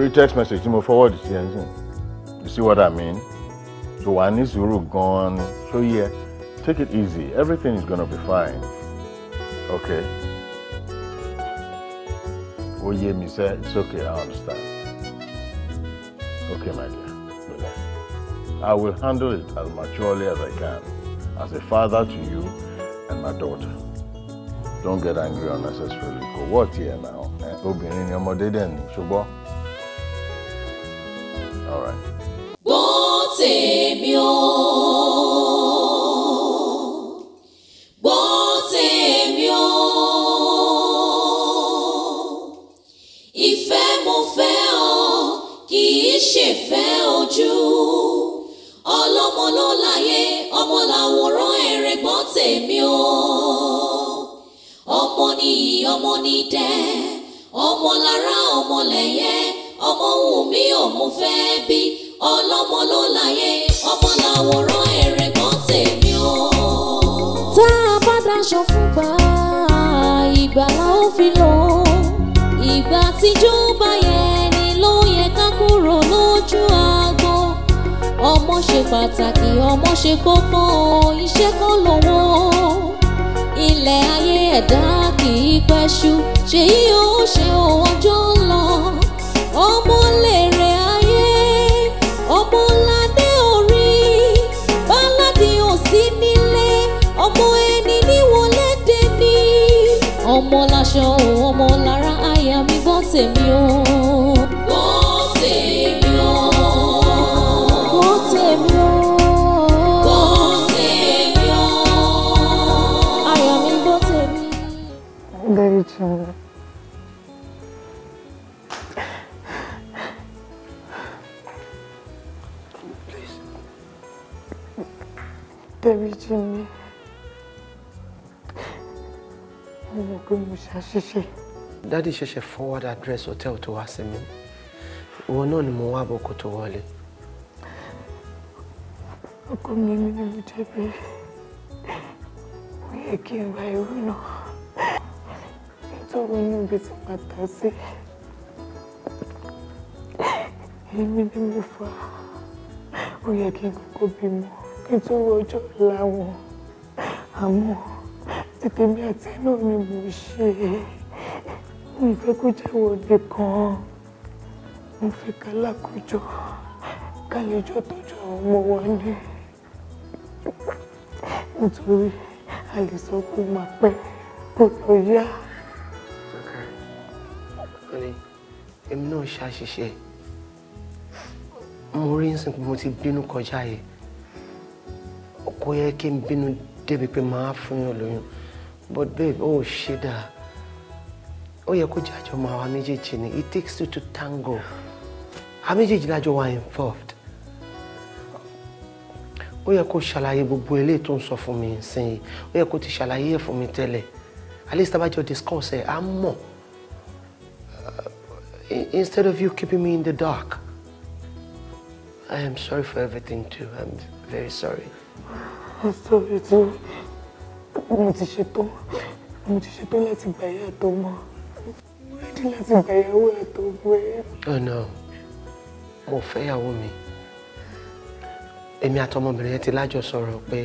text message tí mo forward sí ẹ nísìn you see what I mean so wà á ní sùúrù gan-an ni so yẹ yeah, take it easy everything is gonna be fine okay ó yé mi sẹ́ it's okay I understand okay my dear relax I will handle it as maturely as I can as a father to you and my daughter don't get angry unnecessarily kò wọ́ọ̀tì ẹ̀ náà obìnrin ni ọmọdé dẹ̀ ní ṣùgbọ́n. ìgbàlá ó fi lò ó ìgbà tíjú bá yẹ ni ló yẹ ká kúrò lójú agbo ọmọ ṣe pàtàkì ọmọ ṣe kókó iṣẹ́ kan lówó ilẹ̀ ayé ẹ̀dá kì í pẹ́ ṣú ṣèyí ó ṣe òwòjọ́ lọ ọmọ lèrè. tèmi o. Bó tèmi o. Bó tèmi o. Bó dádì ṣẹ̀ṣẹ̀ forward address hotel tó wá sí mi ìwọ náà ni mo wá bọ́kọ tó wọlé. ọkọ mi mi ni mo jẹ̀bi ó yẹ kí n gba ìwé náà nítorí inú ibi tí màá tà sí èmi ni mo fà á ó yẹ kí n kọ́kọ́ bímọ nítorí ọjọ́ ọ̀la àmọ́ tètè mi àti náà ni mo ṣe é mi fẹ́ kó jẹ́wọ́ òde kan mo fẹ́ ká lákòjọ ká lè jọ tọ́jú àwọn ọmọ wa ní nítorí a lè sọ pé máa pẹ́ kó lọ yá. èmi náà ṣàṣìṣe mo rí nsìn pé mo ti bínú kọjá yìí kò yẹ kí n bínú débi pé màá fún yàn lóyún but babe ó ṣe dáa ó yẹ kó jẹ́ àjọmọ àwa méjèèjì ni it takes two to tango àwa méjèèjì lájọ wà involved ó yẹ kó ṣàlàyé gbogbo eléyìí tó ń sọ fún mi nsìnyí ó yẹ kó ti ṣàlàyé ẹ̀ fún mi tẹ́lẹ̀ at least abájọ discuss ẹ̀ á mọ̀ uh, instead of you keeping me in the dark I am sorry for everything too I'm very sorry. I'm sorry too mo ti ṣetán mo ti ṣetán láti gbà yàtọ̀ mọ́ ready láti gbàyàwó ẹ̀ tó gbé. ọ̀nà mo fẹ́ ìyàwó mi èmi àtọmọbìnrin yẹn ti lájọ sọ̀rọ̀ pé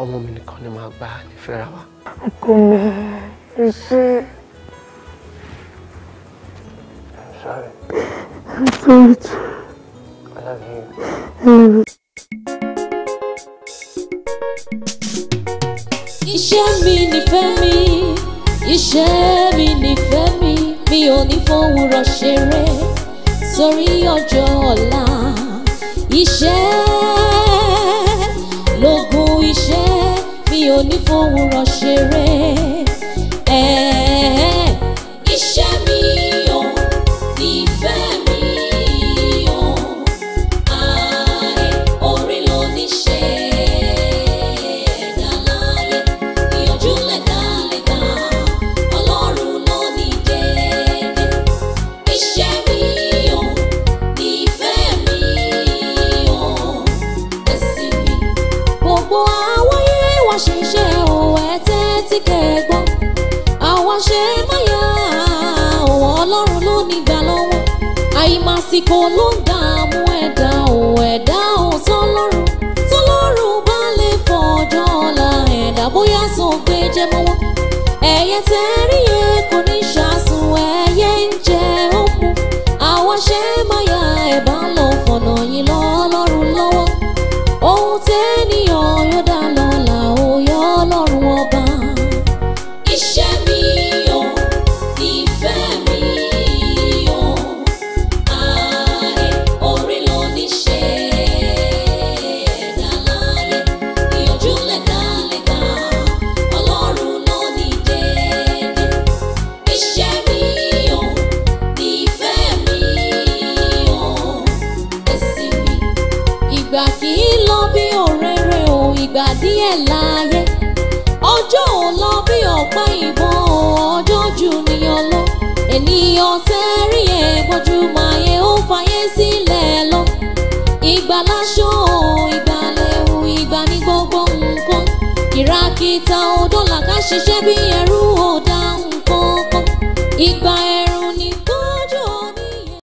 ọmọ mi nìkan ni màá gbà nífẹ̀ẹ́ra wa. ọkọ mi ẹ ṣe. I'm sorry. I'm sorry. I love you. I love you. Iṣẹ́ mi nìfẹ́ mi iṣẹ́ mi nífẹ̀ẹ́ mi mi ò ní fowórọ̀ ṣeré sórí ọjọ́ ọ̀la iṣẹ́ lógún iṣẹ́ mi ò ní fowórọ̀ ṣeré ẹ̀ẹ́. àsìkò ló ń dààmú ẹ̀dá ò ẹ̀dá ò tọ́lọ́run tọ́lọ́run bá lè fọjọ́ ọ̀la ẹ̀dá bóyá sọ pé jẹ́ ẹ̀yẹ tẹ́ èèyàn tẹ́rí ẹ̀ gbọ́júmọ̀ ayé ó fàyè sílẹ̀ lọ. ìgbà láṣọ ìgbà lẹ́wù ìgbà ní gbogbo nǹkan. kìràkìtà òdòlà ká ṣiṣẹ́ bí ẹrú ò nǹkan kan. ìgbà ẹ̀